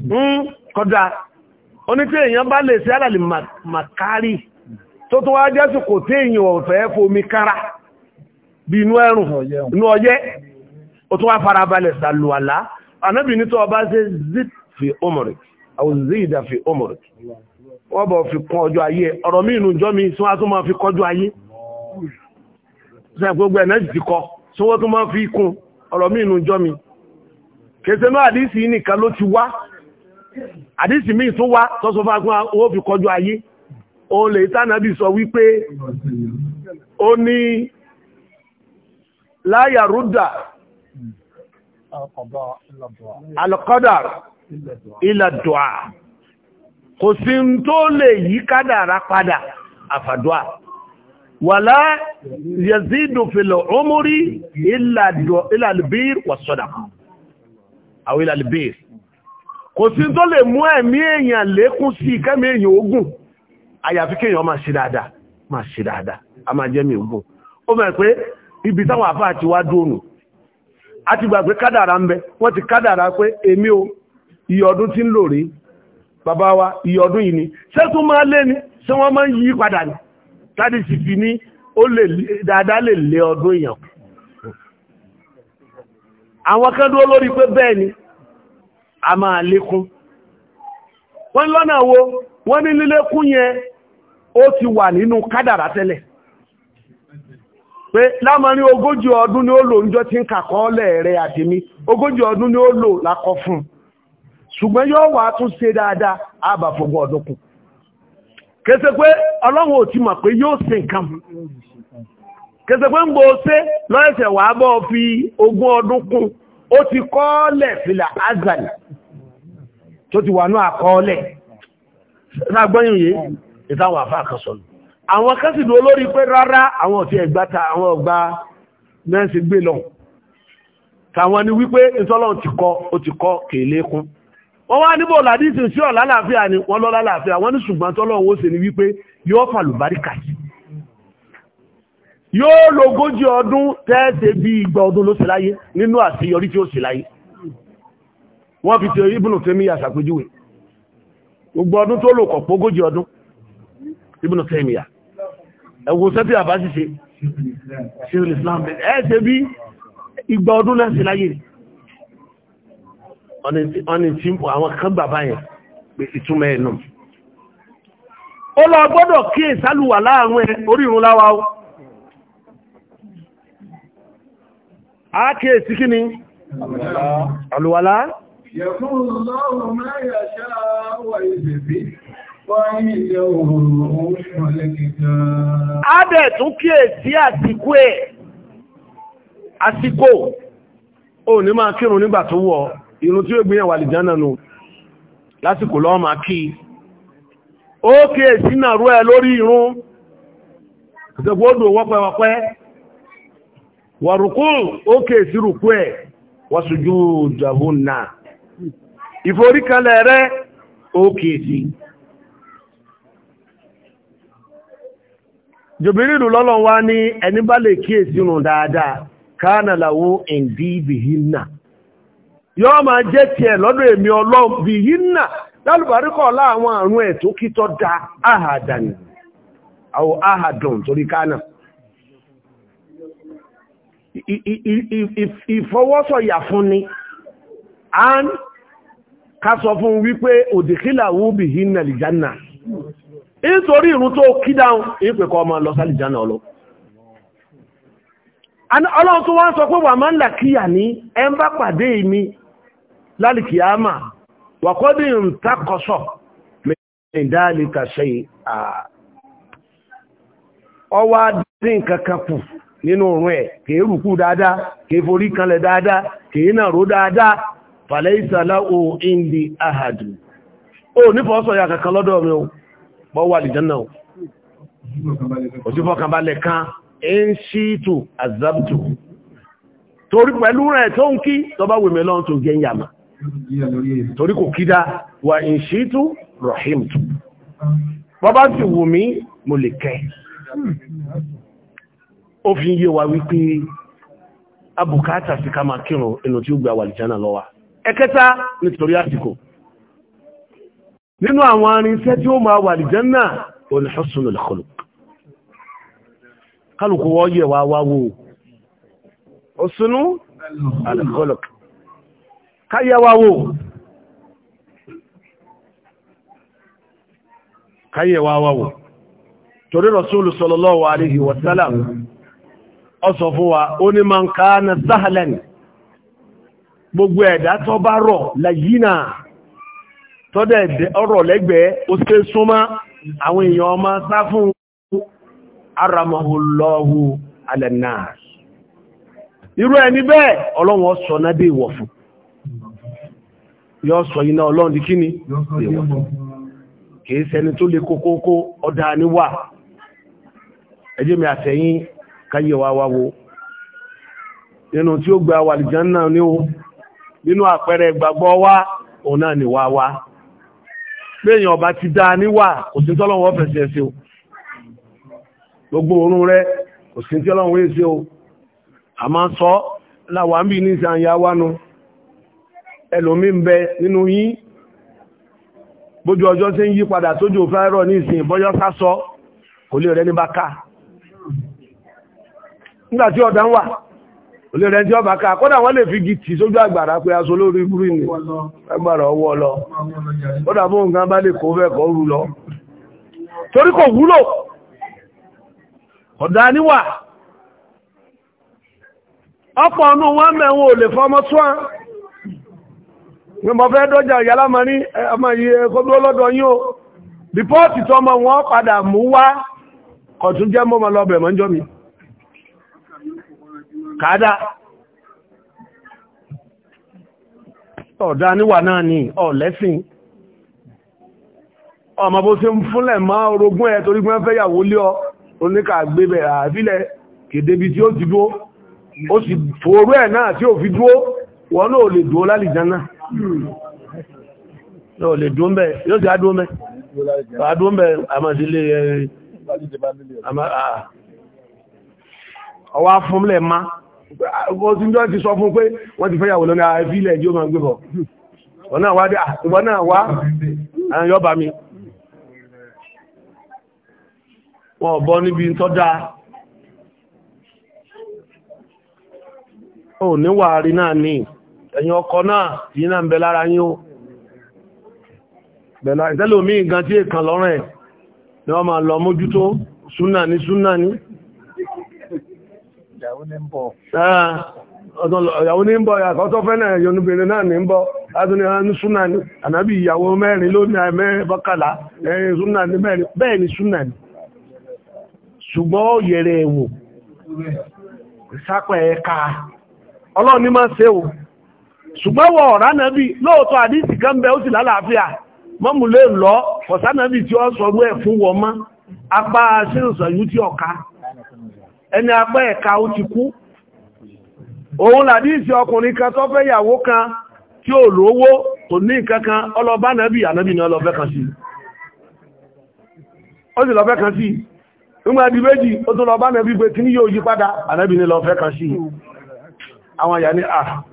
hmm, kódà èèyàn bá lè sí alàlì màkárì tó tó wá jẹ́sù kò tí èèyàn kára bí inú inú tó wá fara ọba fi wọ́n bọ̀ fi kún ọjọ́ ayé ọ̀rọ̀ mí inú ìjọ́ mi tí wọ́n tún máa fi kọjú ayé ṣe gbogbo ẹ̀nà ti kọ tí wọ́n tún máa fi kún ọ̀rọ̀ mí inú ìjọ́ mi kèsè náà àdísì nìkan ló ti wá àdísì míì tún wá tọ́sọ fún akún owó fi kọjú ayé òun lè tánàbì sọ wípé ó ní láyà rúdà alqadar ila du'a kò sí ń tó lè yí kádàrá padà àfàdúà wàlá yazidu fil umri illa albir wa sadaqa kò sí tó lè mú ẹ̀mí èèyàn lékún sí kẹ́mí èèyàn ogun àyàfi kéèyàn máa ṣe dáadáa máa dáadáa a máa ogun ó mẹ́ pé o iye ọdún bàbá wa iye ọdún yìí ni ṣé tún máa lé ni ṣé wọ́n máa ń yí padà ní tàbí sì fi ní ó lè dáadáa lè ọdún èèyàn àwọn kan dúró lórí pé bẹ́ẹ̀ ni a máa lékún wọ́n lọ́nà wo wọ́n ní lílékún yẹn ti wà nínú tẹ́lẹ̀ pé ogójì ọdún ni ó lò ń jọ ń rẹ̀ ogójì ọdún ni ó lò ṣùgbọ́n yóò wà tún ṣe dáadáa àbà fọ́gbọ́ ọdún kése pé ọlọ́run ò ti mọ̀ pé yóò ṣe nǹkan kése pé ń ṣe lọ́ẹ̀ṣẹ̀ wà bọ́ fi ogún ọdúnkùn ó ti kọ́ọ́lẹ̀ fìlà azal tó ti wà ní àkọọ́lẹ̀ yìí ìtàwọn ni wípé ti kọ́ o ti kọ́ wọ́n wá níbò làdíṣe sí ọ̀lá láàfíà ni wọ́n lọ́lá láàfíà wọ́n ní ṣùgbọ́n tọ́lọ́wọ́ ṣe ni wípé yóò fàlùbáríkà sí yóò lógójì ọdún tẹ́ẹ̀sẹ̀ bí igba ọdún ló ṣe láyé nínú àṣeyọrí tí ó ṣe láyé wọ́n fi ti ibùnù tẹ́mí àṣàpéjúwe gbogbo ọdún tó lò kọ̀pọ̀ ogójì ọdún ibùnù tẹ́mí à ẹ̀wọ̀ sẹ́tì àbá ṣiṣẹ́ ṣe ìsìlámù ọdún náà ṣe rẹ̀ ọ̀nà tí àwọn kan bàbá yẹn pé ìtumọ̀ ẹ̀nà ó lọ gbọ́dọ̀ kí ìsálùwà láàrin orírun láwá ó a kí èsì kí ni àlùwàlá Adẹ̀ tún kí èsì àsìkò ẹ̀, àsìkò, ò ní máa kírun nígbà tó wọ́ ọ. irun tí ó gbìyàn wà jánà nù lásìkò lọ́wọ́ máa kí ó kéè sí náà rú ẹ lórí irun ìtẹ̀gbódò wọ́pẹ́wọ́pẹ́ wàrùkú ó kéè sí rùkú ẹ wọ́n sojú jàbùn náà ìforíkalẹ̀ rẹ ó kéè sí jòbìrìrù lọ́lọ́wọ́ ní ẹni bá lè kíyèsí rùn dáadáa káà nà làwó ẹ̀ndí náà yọ́ máa jẹ́ tiẹ̀ lọ́dọ̀ èmi ọlọ́run bí lálùbáríkọ lálùbáríkọ̀ àwọn àrùn ẹ̀ tó kítọ́ da áhàdàní àwọ̀ áhàdàn torí kánà ìfọwọ́sọ̀yà fún ni a ń ká sọ fún wípé òdìkílà bí nítorí ìrún tó kí dáhùn ọmọ lọ ọlọ́run tó wá ń sọ pé wà máa ń ní ẹ ń bá pàdé mi lálìkì àmà wàkọ́dì ń takọ̀sọ̀ ìdálìkà ṣe à ọwá dín kankan kù nínú òun ẹ̀ kìí rùkú dáadáa kìí forí kanlẹ̀ dáadáa kìí nàró dáadáa fàlẹ́ ìsàlá o indi ahadu o nífọ́ sọ ya kankan lọ́dọ̀ mi o bọ́ wà lè jẹ́nà o òsífọ́ kan kan ń ṣíìtù azabtu torí pẹ̀lú rẹ̀ tó ń kí tọba wèmẹ́lọ́n tó gẹ́yàmà torí kò kídá wà ìṣítú rọ̀hìmtù bọ́bá ti wù mí mo lè kẹ́ ó fi yé wa wípé abùkátà sí ká máa kírun inú tí ó gba wàlìjánà lọ́wà ẹ̀kẹta nítorí àsìkò nínú àwọn arinṣẹ́ tí ó máa wàlìjánà olùsọ́sùnù lẹ́kọ̀lù kálùkù wọ́n yẹ̀ wá wáwó ọ̀sùnú alẹ́kọ̀lùkù káyẹwà wò káyẹwà wà sọlọlọ torí rasúlù sallallahu alayhi wa sallam ó sọ fún wa ó ní gbogbo ẹ̀dá tó bá rọ̀ lẹ́yìnà tọ́dẹ̀ ọ̀rọ̀ lẹ́gbẹ̀ẹ́ ó ṣe sọma àwọn èèyàn ọmọ sá fún aramahullahu alannas irú ẹni bẹ́ẹ̀ ọlọ́run sọ náà dé fún yóò sọ iná ọlọ́run di kíni kìí ṣẹni tó lè kókókó ọdá níwà ẹjẹ́ mi àtẹ̀yìn káyẹ̀ wá wá wo nínú tí ó gba wàlìján náà ní o nínú àpẹẹrẹ ìgbàgbọ́ wa òun náà ni wá wá péèyàn ọba ti dá níwà kò sí tọ́lọ́wọ́ fẹ̀sẹ̀ sí o gbogbo orun rẹ kò sí tọ́lọ́wọ́ èsì o sọ láwàá ń bí ní ìsànyà wánu ẹlòmí ń bẹ nínú yín bójú ọjọ́ tí ń yí padà tójú fẹ́rọ ní ìsìn bọ́yọ́ sásọ kò lè rẹ ní bá ká nígbàtí ọ̀dá ń wà kò lè rẹ tí ọba ká kódà wọ́n lè fi gìtì sójú àgbàrá pé aṣọ lórí ẹgbàrá ọwọ́ lọ ní mo fẹ́ dọ́jà ìyálámọ́ ní ọmọ yìí kó dúró lọ́dọ̀ yín o rìpọ́ọ̀tì tó ọmọ wọn padà mú wá kọ̀tún jẹ́ mọ́ lọ́bẹ̀ mọ́jọ́ mi kàádá ọ̀dá níwà náà ni ọ̀lẹ́sìn ọmọ bó ṣe ń fúnlẹ̀ má orogún ẹ torí gbọ́n fẹ́ yàwó lé ọ oníkà gbébẹ̀ àfilẹ̀ náà tí ò fi dúó wọn náà lè dúó lálìjánà náà yóò lè dún bẹ́ yóò sì adún bẹ́ adún bẹ́ àmàdílé ẹ̀rẹ́ eh, ah. ọwá fúnlẹ̀ má ọdúnjọ́ ti sọ fún pé wọ́n ti fẹ́yàwó lọ́nà àìfílẹ̀ jí ó máa gbé bọ̀ wọ́n náà wá dé àwọn ah, náà wá yọ́bà mi wọ́n ọ̀bọ́ níbi tó dáa ò níwàárí náà ní ẹ̀yin ọkọ náà yìí náà ń lára yíó ó ìtẹ́lòmí gan tí èkàn lọ́rùn ni wọ́n ma lọ mójútó súnà ní súnà ní ìyàwó ní ń bọ̀ ìyàkọ́ ní ń bọ̀ látúnni ní súnà ní ìyàwó ní àmẹ́rin ni ní o ṣùgbọ́n wọ ọ̀rá nàbí lóòtọ́ àdísì kan bẹ ó sì lálàáfíà mọ́mù lè lọ ọ̀sá nàbí tí ó sọ̀rọ̀ ẹ̀ fún wọ mọ́ apá sínúsọ̀yú tí ọ̀ká ẹni apá ẹ̀ka ó ti kú òun làdísì ọkùnrin kan tó fẹ́ yàwó kan tí ó lówó tó ní kankan ọlọ́bá nàbí ànábì ní ọlọ́fẹ́ kan sí ó sì lọ́fẹ́ kan sí nígbà di méjì ó tún lọ́bá nàbí pé kí ní yóò yí padà ànábì ní lọ́fẹ́ kan sí àwọn àyà ní à ah.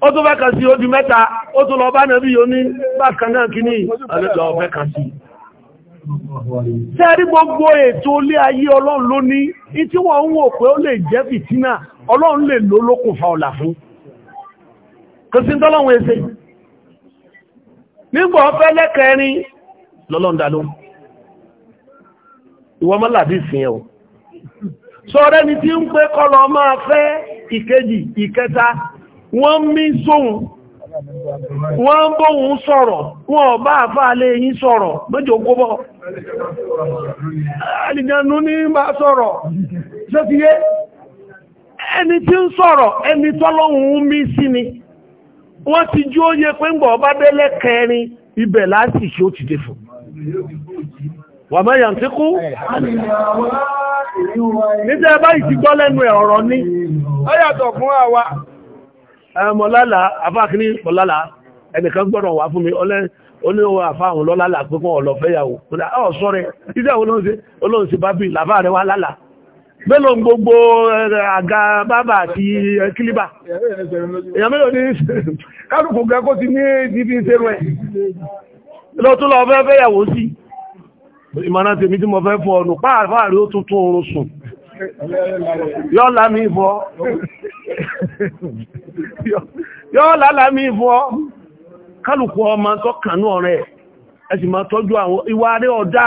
ó tún bẹ́kàn sí mẹta mẹ́ta ó ọba lọ bá nàbí yóò ní bákan náà kí ní sí sẹ́rí gbogbo ètò ole ayé ọlọ́run ló ní tí wọ́n ń wò pé ó lè jẹ́ fìtínà ọlọ́run lè ló lókùn fa ọ̀là fún kò sí tọ́lọ́run nígbà wọ́n mí sóhun wọ́n ń bóhun sọ̀rọ̀ wọ́n ọba àfáàlẹ́ yìí sọ̀rọ̀ mẹ́jọ gbọ́bọ̀ alìjẹnu ní bá sọ̀rọ̀ yé ẹni tí ń sọ̀rọ̀ ẹni tọ́lọ́hun mí sí ni wọ́n ti jú ó yẹ pé ń ọba kẹrin ibẹ̀ láti ṣe ó ti wà mẹ́ kú lẹ́nu ọ̀rọ̀ ní fún àwa mọ̀lálà afákiní mọ̀lálà ẹnìkan gbọ́dọ̀ wà fún mi oníwọ̀ àfáhùn lọ́lálà pé kún ọ̀lọ́fẹ́yàwó ọ̀ sọ́rẹ̀ ìjẹ́ olóhùn sí bábí làbá rẹ̀ wá lálà mélòó gbogbo àga bábà àti kílíbà èèyàn mélòó ní kálùkù yọ́ lámì ìbọ́ yọ́ lálámì ọ kálùkù ọmọ tó kànú ọ̀rẹ́ ẹ máa tọ́jú àwọn ìwà rẹ̀ ọ̀dá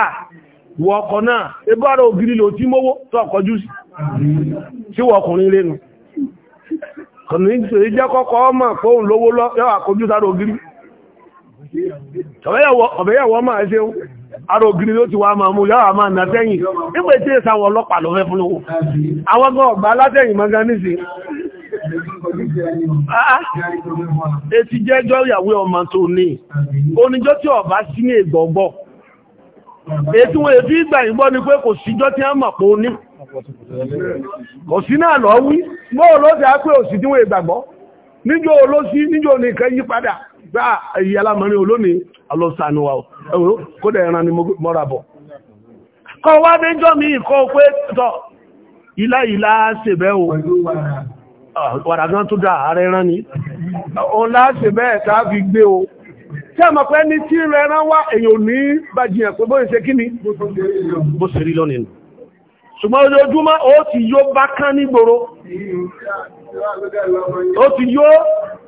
ìwọ ọkọ̀ náà ebú ara ògiri lò tí mówó tó ọkọ̀jú sí wọ ọkùnrin lẹ́nu kọ̀nà ìjẹ́ kọ́kọ́ ọmọ fóun lówó àkójú sára ògiri ọ̀bẹ̀yàwó ọmọ ẹ̀ṣẹ́ ara ògiri ló ti wá máa mú yáwà máa nà tẹ́yìn nígbà tí èsà àwọn ọlọ́pàá ló fẹ́ fún lówó àwọn ọgbà ọgbà alátẹ́yìn ha nìsí ah, ah. ètí jẹ́jọ́ ìyàwó ọmọ tó ní oníjọ́ tí ọba sí ní ìgbọ̀gbọ̀ ètí wọ́n ìgbà ìgbọ́ ni pé kò síjọ́ tí a mọ̀ pé ní kò sí náà gbá ẹ̀yí alámọ̀rin olónìí alọ́sànúwà ẹ̀wọ́ kódà ẹran ni mọ́ra bọ̀ kọ wá méjọ́ mi kọ pé tọ́ ilá ilá ṣèbẹ́ o wàrà ah, tó dá ààrẹ ẹran ni ọ̀nlá ṣèbẹ́ ẹ̀ta fi gbé o tí a mọ̀ pé ní tí rẹran wá èyàn ní bàjìyàn pé bóyẹ̀ ṣe kí ni bó ṣe rí lónìí ṣùgbọ́n ojoojúmọ́ ó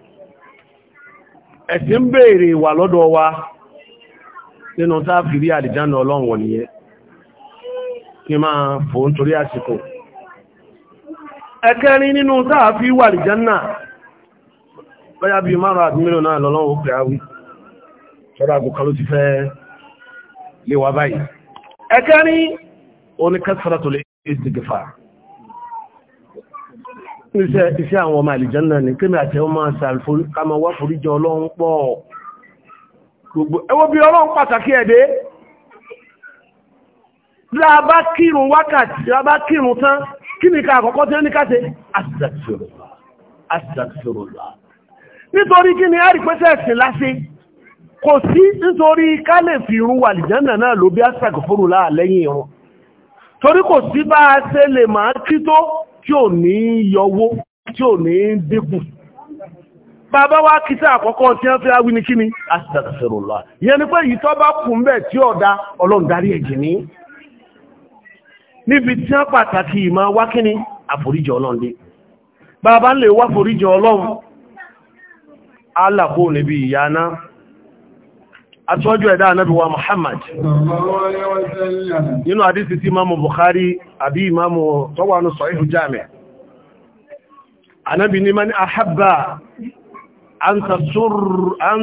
ẹ̀sìn ń béèrè ìwà lọ́dọ̀ wa nínú táàfìrí àdìjánà ọlọ́run nìyẹn kí máa fò torí àsìkò ẹ̀kẹ́rin nínú táàfí wà àdìjánà bẹ́yà bí márùn àti mílò náà pẹ̀ àwí ló ti fẹ́ lè wà báyìí ẹ̀kẹ́rin oníkẹ́sàrà tó lè iṣẹ́ àwọn ọmọ àlìjánà ní kí mẹ́ àti ọmọ sàlfàmà wá foríjọ ọlọ́run pọ̀ gbogbo ẹwọ́ bí ọlọ́run pàtàkì ẹ̀dẹ́ lábá kírun wákàtí lábá kírun tán kí ni ká àkọ́kọ́ tí ó ní káṣe astaghfirullah nítorí kí ni a rí pẹ́sẹ̀ ẹ̀sìn láṣe kò sí nítorí ká lè fi irun wà tí ò ní yọwó tí ò ní dínkù bàbá wa kìtà àkọ́kọ́ tí wọ́n fi awí ní kíni astaghfirullah yẹn ni pé yìí tó bá kù ń bẹ̀ tí ọ̀dá ọlọ́run darí ẹ̀jẹ̀ ní níbi tí wọ́n pàtàkì ìmọ̀ wá kíni àforíjì ọlọ́run dé bàbá lè wá foríjì ọlọ́run alàkó níbi ìyá náà aṣọ́jú ẹ̀dá anábi wa Muhammad nínú àdísì tí imamu Bukhari àbí imamu tọwọ́nù sọ̀hìhù jami anábi ni mani ahabba an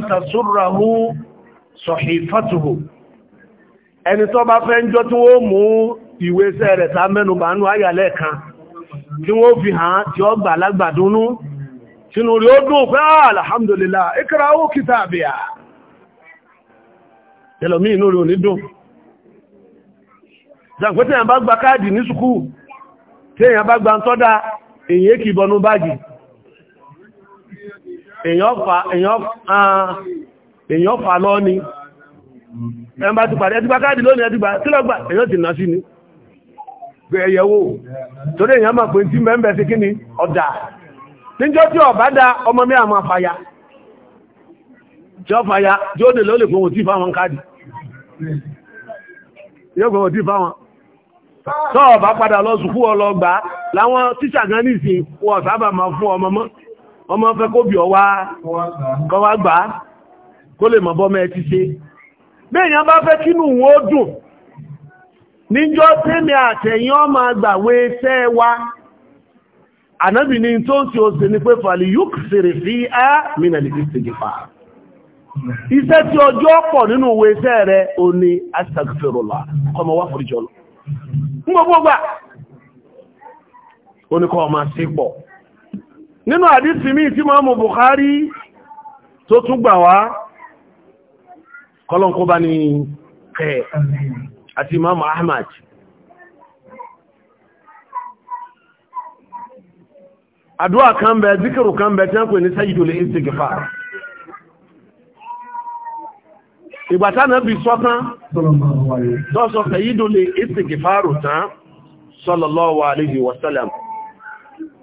tasurrahu sọ̀hìfatuhu ẹni tó bá fẹ́ ń jọ tí wọ́n mú ìwé iṣẹ́ rẹ̀ ta mẹ́nubà nú ayàlẹ́ kan tí wọ́n fi hàn tí ó gbà lágbàdúnú sínú rí ó dùn fẹ́ ah, alhamdulillah ikrahu kitabiya ẹlòmí inú rẹ̀ onídùn jàǹkó tí èyàn bá gba káàdì ní sùkú tí èyàn bá gba tọ́dá èyàn kì bọnú báàgì èyàn fà lọ ni ẹn bá ti pàdé ẹti gba káàdì lónìí ẹti gba tí lọ́gbà èyàn ti nà sí ni ẹ̀yẹ̀wò torí èyàn máa pè tí mẹ́m̀bẹ̀ sí kí ni ọ̀dà níjọ́ tí ọ̀bá dá ọmọ mi àmọ́ àfàyà tí ọ fàyà tí ó dè lólè fún òtí fáwọn káàdì yóò gbọ́dọ̀ dì fáwọn tọ́ọ̀ bá padà lọ sùkú ọlọ́gbà láwọn tíṣà gan nìsìn wọ́n sábà máa fún ọmọ mọ́ ọmọ fẹ́ kó bí ọwá kọwá gbà kó lè mọ̀ bọ́mọ ẹ ti ṣe bẹ́ẹ̀yàn bá fẹ́ kínú wọn ó dùn níjọ́ tẹ́mì àtẹ̀yìn ọmọ àgbàwé tẹ́ wa ànábì ni tó ń ti ó sì ní pé fàlì yóò kìsèrè sí á mínà lè fi ṣe jìfà iṣẹ́ tí ọjọ́ pọ̀ nínú owó iṣẹ́ rẹ̀ o ní astagfirullah kọmọ wá fún ìjọlọ ń gbogbo gbà ó ní kọ́ ọmọ sí pọ̀ nínú àdísì míì tí máa mú Bukhari tó tún gbà wá kọlọ̀nkọ́ bá ní kẹ àti Imam Ahmad àdúrà kan bẹ zikiru kan bẹ tí wọ́n pè ní sayyidul istighfar ìgbà tí Ànábì sọ́tán tọ́sọ fẹ̀yídólè ìsìnkìfàárò tán sallallahu alayhi wa sallam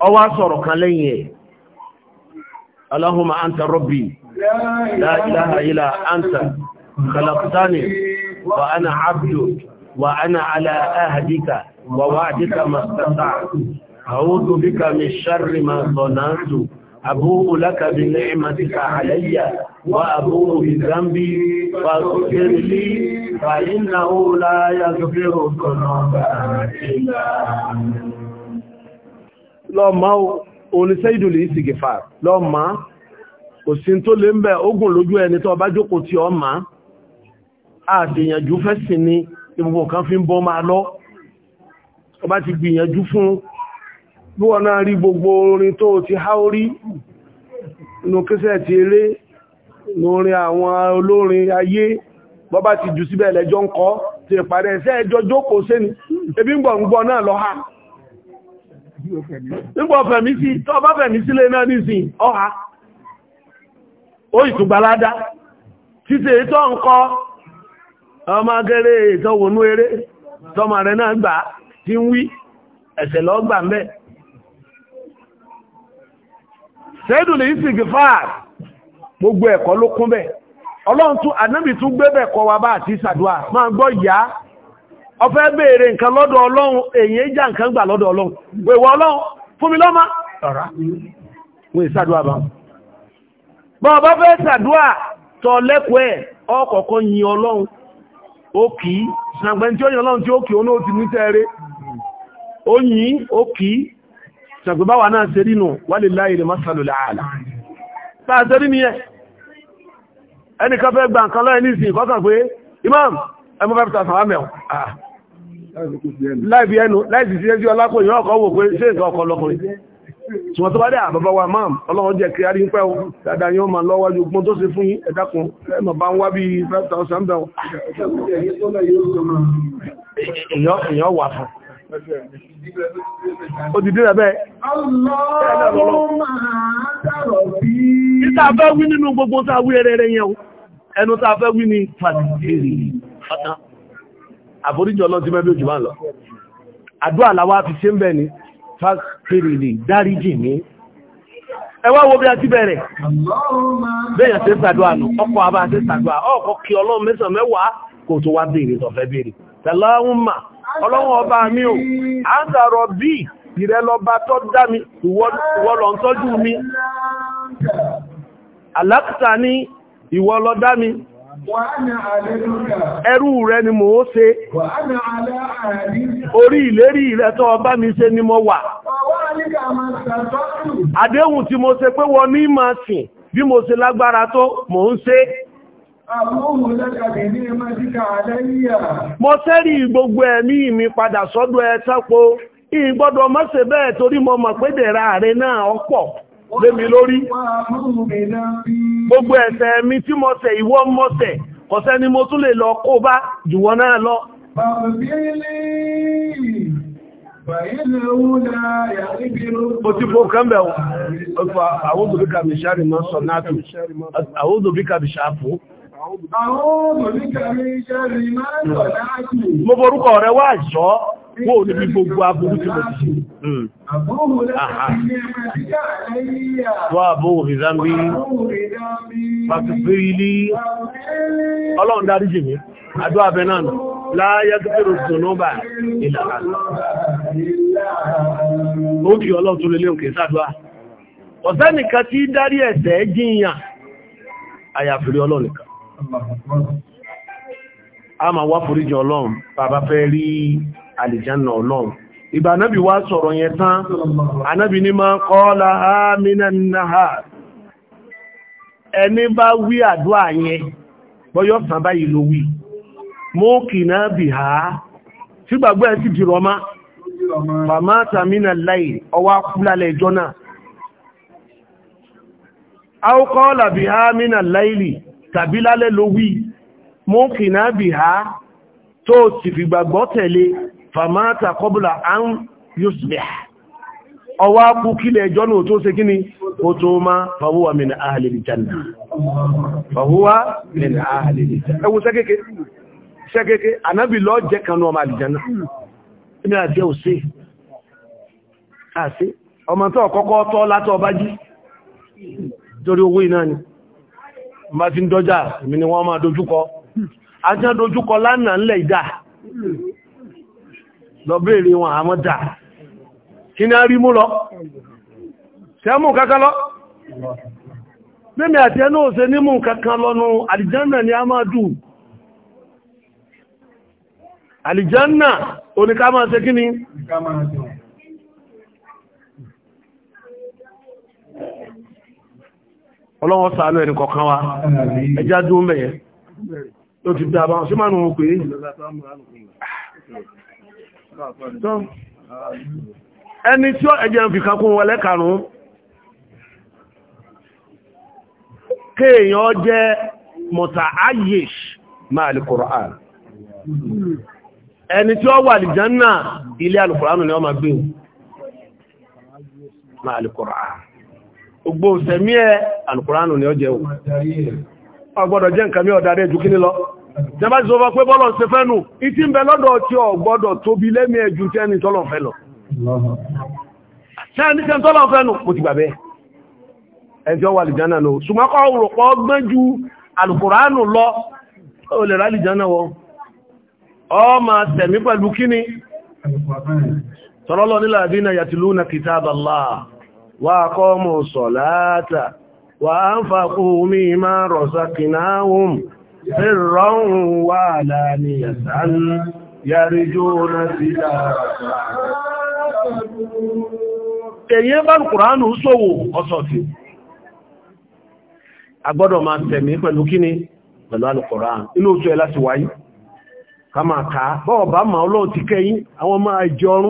ọwá sọ̀rọ̀ kan lẹ́yìn ẹ̀ Allahumma anta rabbi la ilaha illa anta khalaqtani wa ana abduk wa ana ala ahdika wa wa'dika mastata'tu a'udhu bika min أبوء لك بنعمتك علي وأبوء بذنبي فاغفر لي فإنه لا يغفر الذنوب إلا lọ́mọ oníṣẹ́ìdù lè sì gẹ̀fà lọ́mọ òsìn tó lè ń bẹ̀ ogun lójú ẹni tó bá jókòó tí ọ ma àtìyànjú fẹ́ sí ni ìbùbùn kan fi ń bọ́ máa lọ ọba ti gbìyànjú fún bí wọ́n náà rí gbogbo orin tó ti há orí inú kíṣẹ́ ti eré lórin àwọn olórin ayé bọ́bá ti jù síbẹ̀ lẹ́jọ́ ń kọ́ ti ìpàdẹ̀ ẹ̀sẹ́ ẹjọ́ jókòó sí ni ebi ń gbọ̀ ń gbọ́ náà nígbọ̀ fẹ̀mí sí tọ́ bá fẹ̀mí sílé náà nísìn ọha ó ìtùgbàládá títẹ̀ ètò ǹkọ́ ọmọ agẹ́rẹ́ ìtọ́wọ̀nú eré tọ́mà rẹ̀ náà gbà tí ń wí ẹ̀sẹ̀ lọ́gbà mẹ́ sẹ́dùn lè sì gbogbo ẹ̀kọ́ ló kún bẹ́ẹ̀ ọlọ́run tún ànábì gbé bẹ́ẹ̀ kọ́ wa bá àti sàdúà máa gbọ́ yá ọfẹ́ béèrè nǹkan lọ́dọ̀ ọlọ́run èyí já nǹkan gbà lọ́dọ̀ ọlọ́run ọlọ́run fún mi lọ́mọ ọ̀rá wọ́n bá fẹ́ sàdúà ṣàgbébáwà náà ṣe rínú wálé láìlè masalòlè ààlà tàà ṣe rí ní ẹ ẹnìkan fẹ́ gbà nǹkan lọ́ẹ̀ nísìn kọ́kàn pé imam ẹmọ fẹ́fẹ́ta sàwámẹ̀ọ́ láìbí ẹnu láìsí sí ẹjú ọlápò ìyàn ọkọ̀ wò pé ṣe nǹkan ọkọ̀ lọ́kùnrin ṣùgbọ́n tó bá dẹ̀ àbábá wa máa ọlọ́run jẹ́ kí arí ń pẹ́ o dáadáa yóò máa lọ́wọ́jú gbọ́n tó ṣe fún yín ẹ dákun bá ń wá bí 5000 bẹ̀rún èèyàn wà fún Òdìdí rẹ̀ bẹ́ẹ̀. Títà fẹ́ wí nínú gbogbo tá wí ẹrẹrẹ yẹn o. Ẹnu tá fẹ́ wí ni fàtìkiri. Àforíjọ lọ sí mẹ́bí òjò máa lọ. Àdúrà làwa fi ṣe ń bẹ̀ ni, fàtìkiri lè dáríjì mí. Ẹ wá wo bí a ti bẹ̀rẹ̀. Bẹ́yàn ṣe ṣàdúrà nù, ọkọ̀ àbá ṣe ṣàdúrà, ọkọ̀ kí ọlọ́run mẹ́sàn mẹ́wàá kò tó wá béèrè tọ̀fẹ́ béèrè. Tẹ̀lọ́run ọlọ́run ọba mi ò à ń sàrọ̀ bí ìrẹ́ lọ́ba tó dá mi ìwọ lọ ń tọ́jú mi alákùtà ní ìwọ lọ dá mi ẹrú rẹ ni mo ó ṣe orí ìlérí rẹ tó ọba mi ṣe ni mo wà àdéhùn tí mo ṣe pé wọ́n ní máa sìn bí mo ṣe lágbára tó mò ń ṣe Mo sẹ́rí gbogbo ẹ̀mí mi padà sọ́dọ̀ ẹ sápo, ìgbọ́dọ̀ má ṣe bẹ́ẹ̀ torí mo mọ̀ pé dẹ̀ra ààrẹ náà ọ̀pọ̀ lémi lórí. Gbogbo ẹ̀ṣẹ̀ mi tí mo ṣẹ̀ ìwọ mo ṣẹ̀, kò sẹ́ni mo tún lè lọ kó bá jùwọ náà lọ. Òtí fò kan bẹ̀rẹ̀ àwọn òdòbíkà bìṣàfò, Mo borúkọ rẹ̀ wá ìṣọ́, wó ò gbogbo aburú tí mo ti ṣe. Wà bó ìzámbí, pàtàkì ilé, ọlọ́run dárí jì mí, láyé tó ìlànà. Ó ọlọ́run tó lélé òkè sáàdúwà a ma wá foríjì ọlọ́run bàbá fẹ́ rí àlìjánà ọlọ́run ìgbà anábì wá sọ̀rọ̀ yẹn tán anábì ní máa kọ́ọ́lá àmìnà ẹni bá wí àdúrà yẹn bọ́yọ́ sàn báyìí ló wí mú kì náà bì tí ẹ̀ sì tàbí lálẹ́ ló wí mú kìnà bì há tó ti fi gbàgbọ́ tẹ̀lé fàmáta kọbùlà án yusbih ọwá kú kílẹ̀ ẹjọ́ náà tó ṣe kíni ó tó má fàwúwà min ahli al-janna fàwúwà min ahli al-janna ẹwù sẹ́kẹ́kẹ́ sẹ́kẹ́kẹ́ ànábì lọ jẹ́ kanú ọmọ àlìjánà ní àti òsè àti ọmọ tó ọ̀kọ́kọ́ tọ́ látọ̀ ọba jí torí owó iná ni bá ti ń dọ́jà èmi ni wọ́n máa dojúkọ àti àdójúkọ lánàá ńlẹ̀ ìdá lọ bèèrè wọn àmọ́ dà kí ní a rí mú lọ tẹ́mù kankan lọ mímẹ̀ àti ẹnú òsẹ nímú kankan lọ́nu àlìjánà ni a máa dù àlìjánà oníká máa ṣe kí ni ọlọ́wọ́ sàánú ẹni kọ̀kan wa ẹjá dún mẹ́yẹ ló ti dá bá ṣe máa nù pé ẹni tí ó ẹjẹ́ ń fi kankún ún kéèyàn jẹ́ mọ̀ta ayesh máa lè ẹni tí ó wà lè jẹ́ náà ilé ni gbé ògbò sẹ̀mí ẹ alùkùránù ni ó jẹ́ o ọgbọ́dọ̀ jẹ́ nǹkan mí ọ̀dá rẹ̀ jù kíní lọ jẹba ti sọ fọ́ pé bọ́lọ̀ ṣe fẹ́ nù ìtí ń bẹ lọ́dọ̀ tí ọ gbọ́dọ̀ tóbi lẹ́mí ẹjù tẹ́ni tọ́lọ̀ fẹ́ lọ tẹ́ni tẹ́ni tọ́lọ̀ fẹ́ nù mo ti gbà bẹ́ẹ̀ ẹni tí ó wà lìjánà lọ ṣùgbọ́n kọ́ rò pọ́ gbọ́n ju alùkùránù yàtìlú na kìtàbàláà وأقاموا الصلاة وأنفقوا مما رزقناهم سرا وعلانية يرجون تجارة Èyí bá Kùránù sówò ọ̀sọ̀tì. A gbọ́dọ̀ máa tẹ̀mí pẹ̀lú kíni pẹ̀lú alùkọ̀rán. Inú oṣù ẹ láti wáyé. Ká máa ká, bọ́ọ̀ bá máa ọlọ́ọ̀tí ma àwọn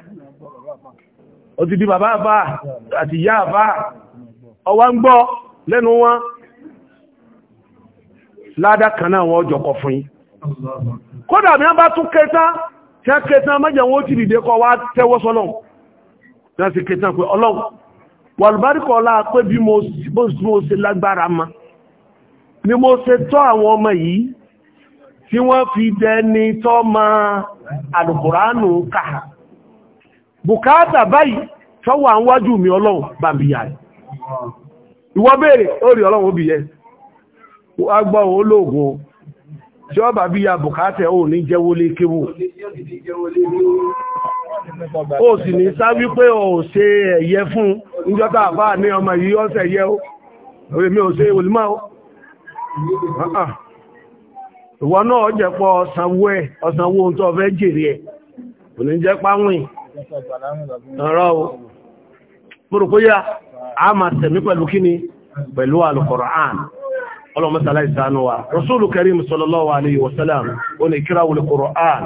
ó ti di bàbá àbá àti ìyá àbá ọwá ń gbọ́ lẹ́nu wọn ládá kan náà wọn ọjọ́ kọ fún yín kódà mi bá tún kẹta tí a kẹta mẹ́jẹ̀ wọn ó ti dìde kọ wá tẹ́wọ́ sọ́lọ́ tí a sì kẹta pé ọlọ́run wàlùbáríkọ̀ wọ́n fi dẹni tọ́ ma àlùkùránù káà bùkátà báyìí tọ́wọ́ àwọn wájú mi ọlọ́run bá ń bìyà rẹ̀ ìwọ béèrè ó rí ọlọ́run ó bìyẹ agbọ́ olóògùn tí ó bá bíyà bùkátà ó ní jẹ́wólé kéwò ó sì ní sá wípé ó ṣe ẹ̀yẹ fún níjọ́ta àbá ní ọmọ yìí ọ́sẹ̀ yẹ ó orí mi ò ṣe olùmọ́ ó ìwọ náà jẹ́pọ̀ ọ̀sánwó ẹ̀ ọ̀sánwó ohun tó fẹ́ jèrè ẹ̀ kò ní jẹ́ ọ̀rọ̀ o múrùkúyà a ma sẹ̀mí pẹ̀lú kíni pẹ̀lú al-Qur'an ọlọ́mọ́sàlá ìsànú wa rasúlù karim sallallahu alayhi wa sallam ó ní kíra wùlù Qur'an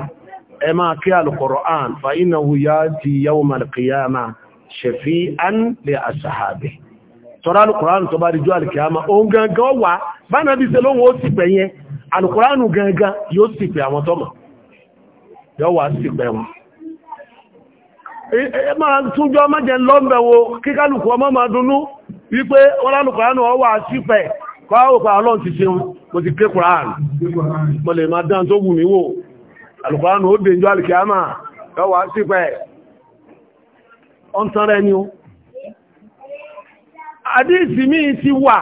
ẹ máa kí al-Qur'an fa innahu ya'ti yawmal qiyamah shafi'an li ashabi tọ́rọ al-Qur'an tó bá rí jọ al-qiyama ó yóò sì sí pẹ̀ ẹ máa túnjọ́ mẹ́jẹ lọ́mbẹ̀wò kíkálùkù ọmọ máa dunú wípé ọlálùkùránù ọwà sípẹ̀ kọ́ òpá ọlọ́run ti ṣeun mo ti ké kùránù mo lè máa dán tó wù mí wò alùkùránù ó dèjọ́ alìkìámà ọwà sípẹ̀ ọ̀n tán rẹ ni ó àdíìsì míì ti wà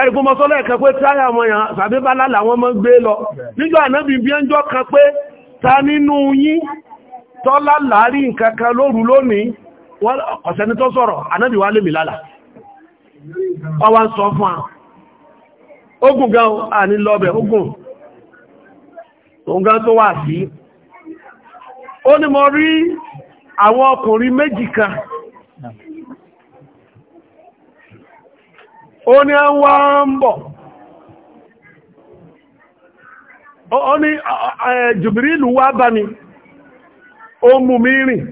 ẹ̀rùkú mọ́ sọ́lọ́ ẹ̀kẹ́ pé táyà wọn yàn sàbíbálà làwọn mọ́ gbé lọ níjọ́ ànábì bí ẹjọ́ kan pé ta nínú yín tọ́lá láàrí nǹkankan lóru lónìí ọ̀sẹ̀ni tó sọ̀rọ̀ ànábì wá lémi lálà ọwá ń sọ fún ogun gan lọ́bẹ̀ ogun tó wà sí ó ní rí àwọn ọkùnrin méjì kan ó ní a ń wá ń bọ̀ ó ní ó mú mi rìn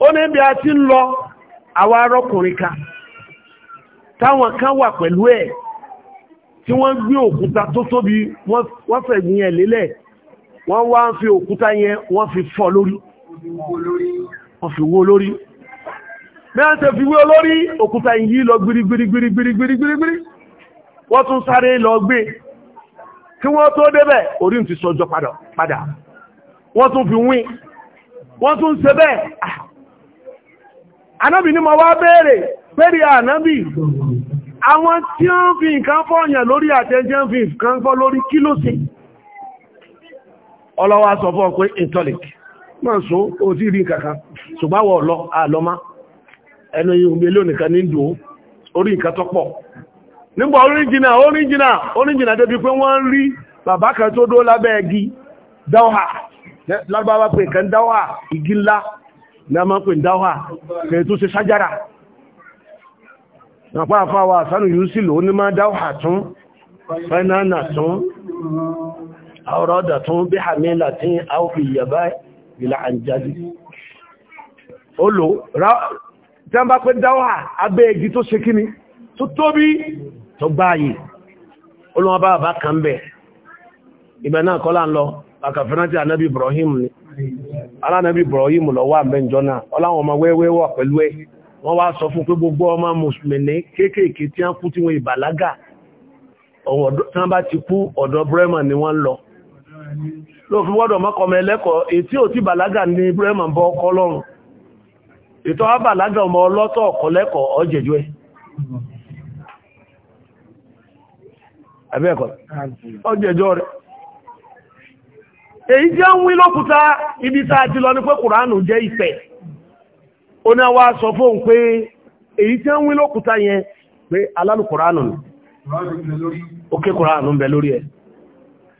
ó ní bí a ti ń lọ àwa arọ́kùnrin ka táwọn kan wà pẹ̀lú ẹ̀ tí wọ́n gbé òkúta tó tóbi wọ́n fẹ̀gbìn ẹ̀ lélẹ̀ wọ́n wá ń fi òkúta yẹn wọ́n fi fọ́ lórí wọ́n fi wó lórí mẹ́rin tẹ fi wé olórí òkúta yìí lọ gbirigbirigbirigbirigbirigbiri wọ́n tún sáré lọ gbé kí wọ́n tó débẹ̀ orí ń ti sọjọ́ padà wọ́n tún fi wín wọ́n tún se bẹ́ẹ̀ anábì ní mo wá béèrè pẹ́rì ànábì àwọn tí ó ń fi nǹkan lórí àtẹ́jẹ́ ń fi nǹkan fọ́ lórí kí ló sí ọlọ́wà sọ fún ọkùn intolic máa so ó ti rí kankan ṣùgbáwọ̀ ọ̀lọ́ àlọ́má ẹnu ìhùnbẹ̀ lónìkan lárúbáwá pé nǹkan dáwà igi ńlá ní a máa pè dáwà kèrè tó ṣe ṣájára nàpá àfáwà sánú yìí sí lò ní máa dáwà tún fẹ́nánà tún àwọ̀rọ̀dà tún bí hàmí láti áwọ̀fì ìyàbá ìlà àjáde olò tí a bá pẹ́ dáwà abẹ́ àkàfẹ́rántí ànábì Ibrahim ni alánàbí Ibrahim lọ wà mẹ́jọ náà ọláwọn ọmọ wẹ́wẹ́ wà pẹ̀lú ẹ wọ́n wá sọ fún pé gbogbo ọmọ mùsùlùmí kéékèèké tí a kú tí wọ́n ìbàlágà tí wọ́n bá ti kú ọ̀dọ̀ Bremen ni wọ́n lọ lófin wọ́dọ̀ mọ́kànmọ́ ẹlẹ́kọ̀ọ́ ètí ò ti bàlágà ní Bremen bọ́ ọkọ lọ́rùn ètò àbàlágà ọmọ ọlọ́tọ̀ ọ̀kọ́ lẹ́kọ̀ọ́ ọjẹ̀jọ́ ẹ̀ abẹ́ẹ̀kọ́ ọjẹ̀jọ́ èyí tí ó ń wí lókúta ibi tá a ti lọ ní pé kùránù jẹ́ ìfẹ́ ó ní wá sọ fóun pé èyí tí ó ń wí lókúta yẹn pé kùránù ni òkè kùránù ń bẹ lórí ẹ̀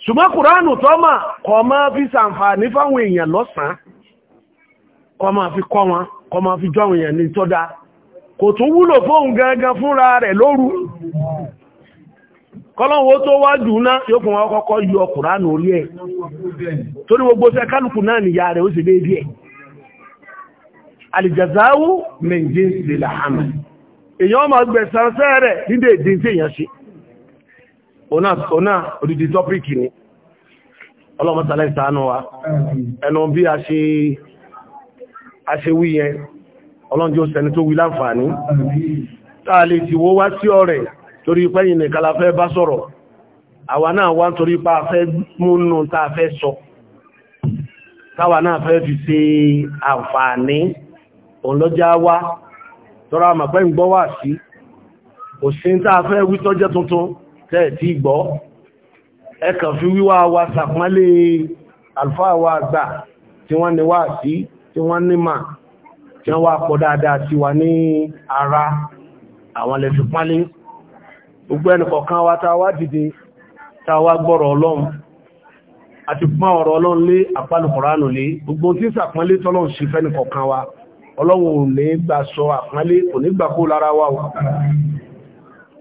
ṣùgbọ́n kùránù tó mà kọ máa fi sàǹfààní fáwọn èèyàn lọ́sàn-án kọ́ fi kọ́ wọn kọ́ máa fi jọ́ àwọn èèyàn ní tọ́da kò tún wúlò fóun gangan fúnra rẹ̀ lóru kọ́lọ́wọ́ tó wá dùnná yóò fún wọn kọ́kọ́ yọ ọkùnránù orí ẹ̀ torí gbogbo fẹ́ kálùkù náà nìyà rẹ̀ ó sì déédé ẹ̀ alìjàzáwú mẹ́jì sílẹ̀ àmà èyàn ma gbẹ̀sànsẹ́ wa ẹnu bí a ṣe wí yẹn ọlọ́njọ́ sẹni tó wí láǹfààní táà torí pẹ́yìn nìkan la fẹ́ bá sọ̀rọ̀ àwa náà wá torí pa fẹ́ múnú tá a fẹ́ sọ táwa náà fẹ́ fi ṣe àǹfààní òǹlọ́já wá tọ́ra àmàpẹ́ ìgbọ́ wà sí òsìn tá a fẹ́ wí tọ́jẹ́ tuntun tẹ́ẹ̀tí gbọ́ ẹkàn fi wíwá wa sàpọ́nlé àlùfáà wa àgbà tí wọ́n ní wá sí tí wọ́n ní ara àwọn lẹ́fipánlé gbogbo ẹnì kọ̀ọ̀kan wa ta wá dìde ta wá gbọ́rọ̀ ọlọ́run àti pọ́n ọ̀rọ̀ ọlọ́run lé àpálùkọ̀ránù lé gbogbo tí sàpọ́nlé tọ́lọ́run sí fẹ́nì kọ̀ọ̀kan wa ọlọ́run ò ní gbà sọ àpọ́nlé kò ní gbà kó lára wa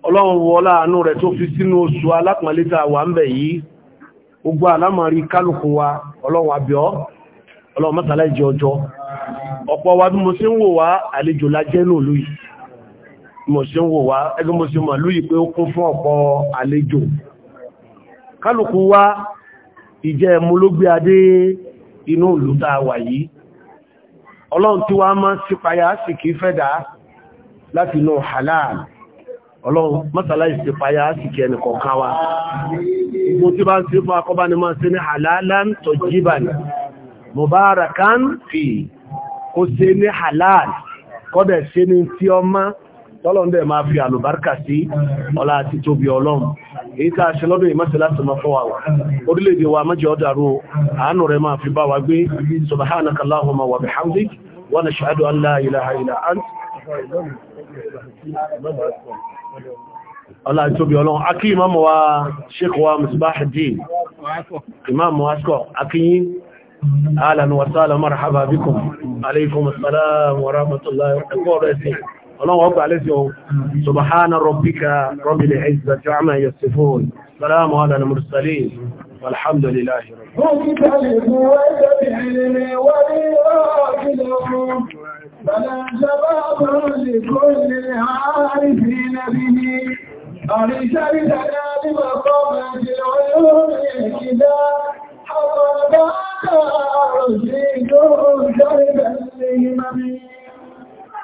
ọlọ́run wọlá àánú rẹ̀ tó fi sínú oṣù alápọ́nlé tá wà mo ṣe ń wò wá ẹgbẹ́ mo ṣe mọ̀ lóyìí pé ó kún fún ọ̀pọ̀ àlejò kálukú wá ìjẹ́ ẹ̀mú ló gbé adé inú ìlú tá a wà yìí ọlọ́run tí wá máa sípayá sì kìí fẹ́dà láti inú halal ọlọ́run mọ́sàlá ìsìpayá sì kí ẹnì kọ̀ọ̀kan wa gbogbo tí bá ni máa sí ní tojiban mubarakan fi halal kọ́dẹ̀ ṣe ní tí ọmọ tọ́lọ́n dẹ̀ máa fi àlùbáríkà sí ọlá àti tóbi ọlọ́run èyí tá a ṣe lọ́dún ìmọ́sẹ̀ láti máa fọ́wà wà orílẹ̀-èdè wa mọ́jọ ọ̀dàrú àánú rẹ̀ máa fi bá wa gbé subhanaka allahumma wa bihamdik wa nashhadu an la ilaha illa ant ọlá àti tóbi ọlọ́run akí ìmáàmù wa sheikh wa Misbahuddin ìmáàmù wa sọ akíyín marhaba bikum alaykum assalam wa rahmatullahi wa barakatuh ọlọ́wọ́ gbà lẹ́sí o subhana rabbika rabbil izzati amma yasifun salamu ala al-mursalin والحمد لله فلا شباب لكل عارفين به أريد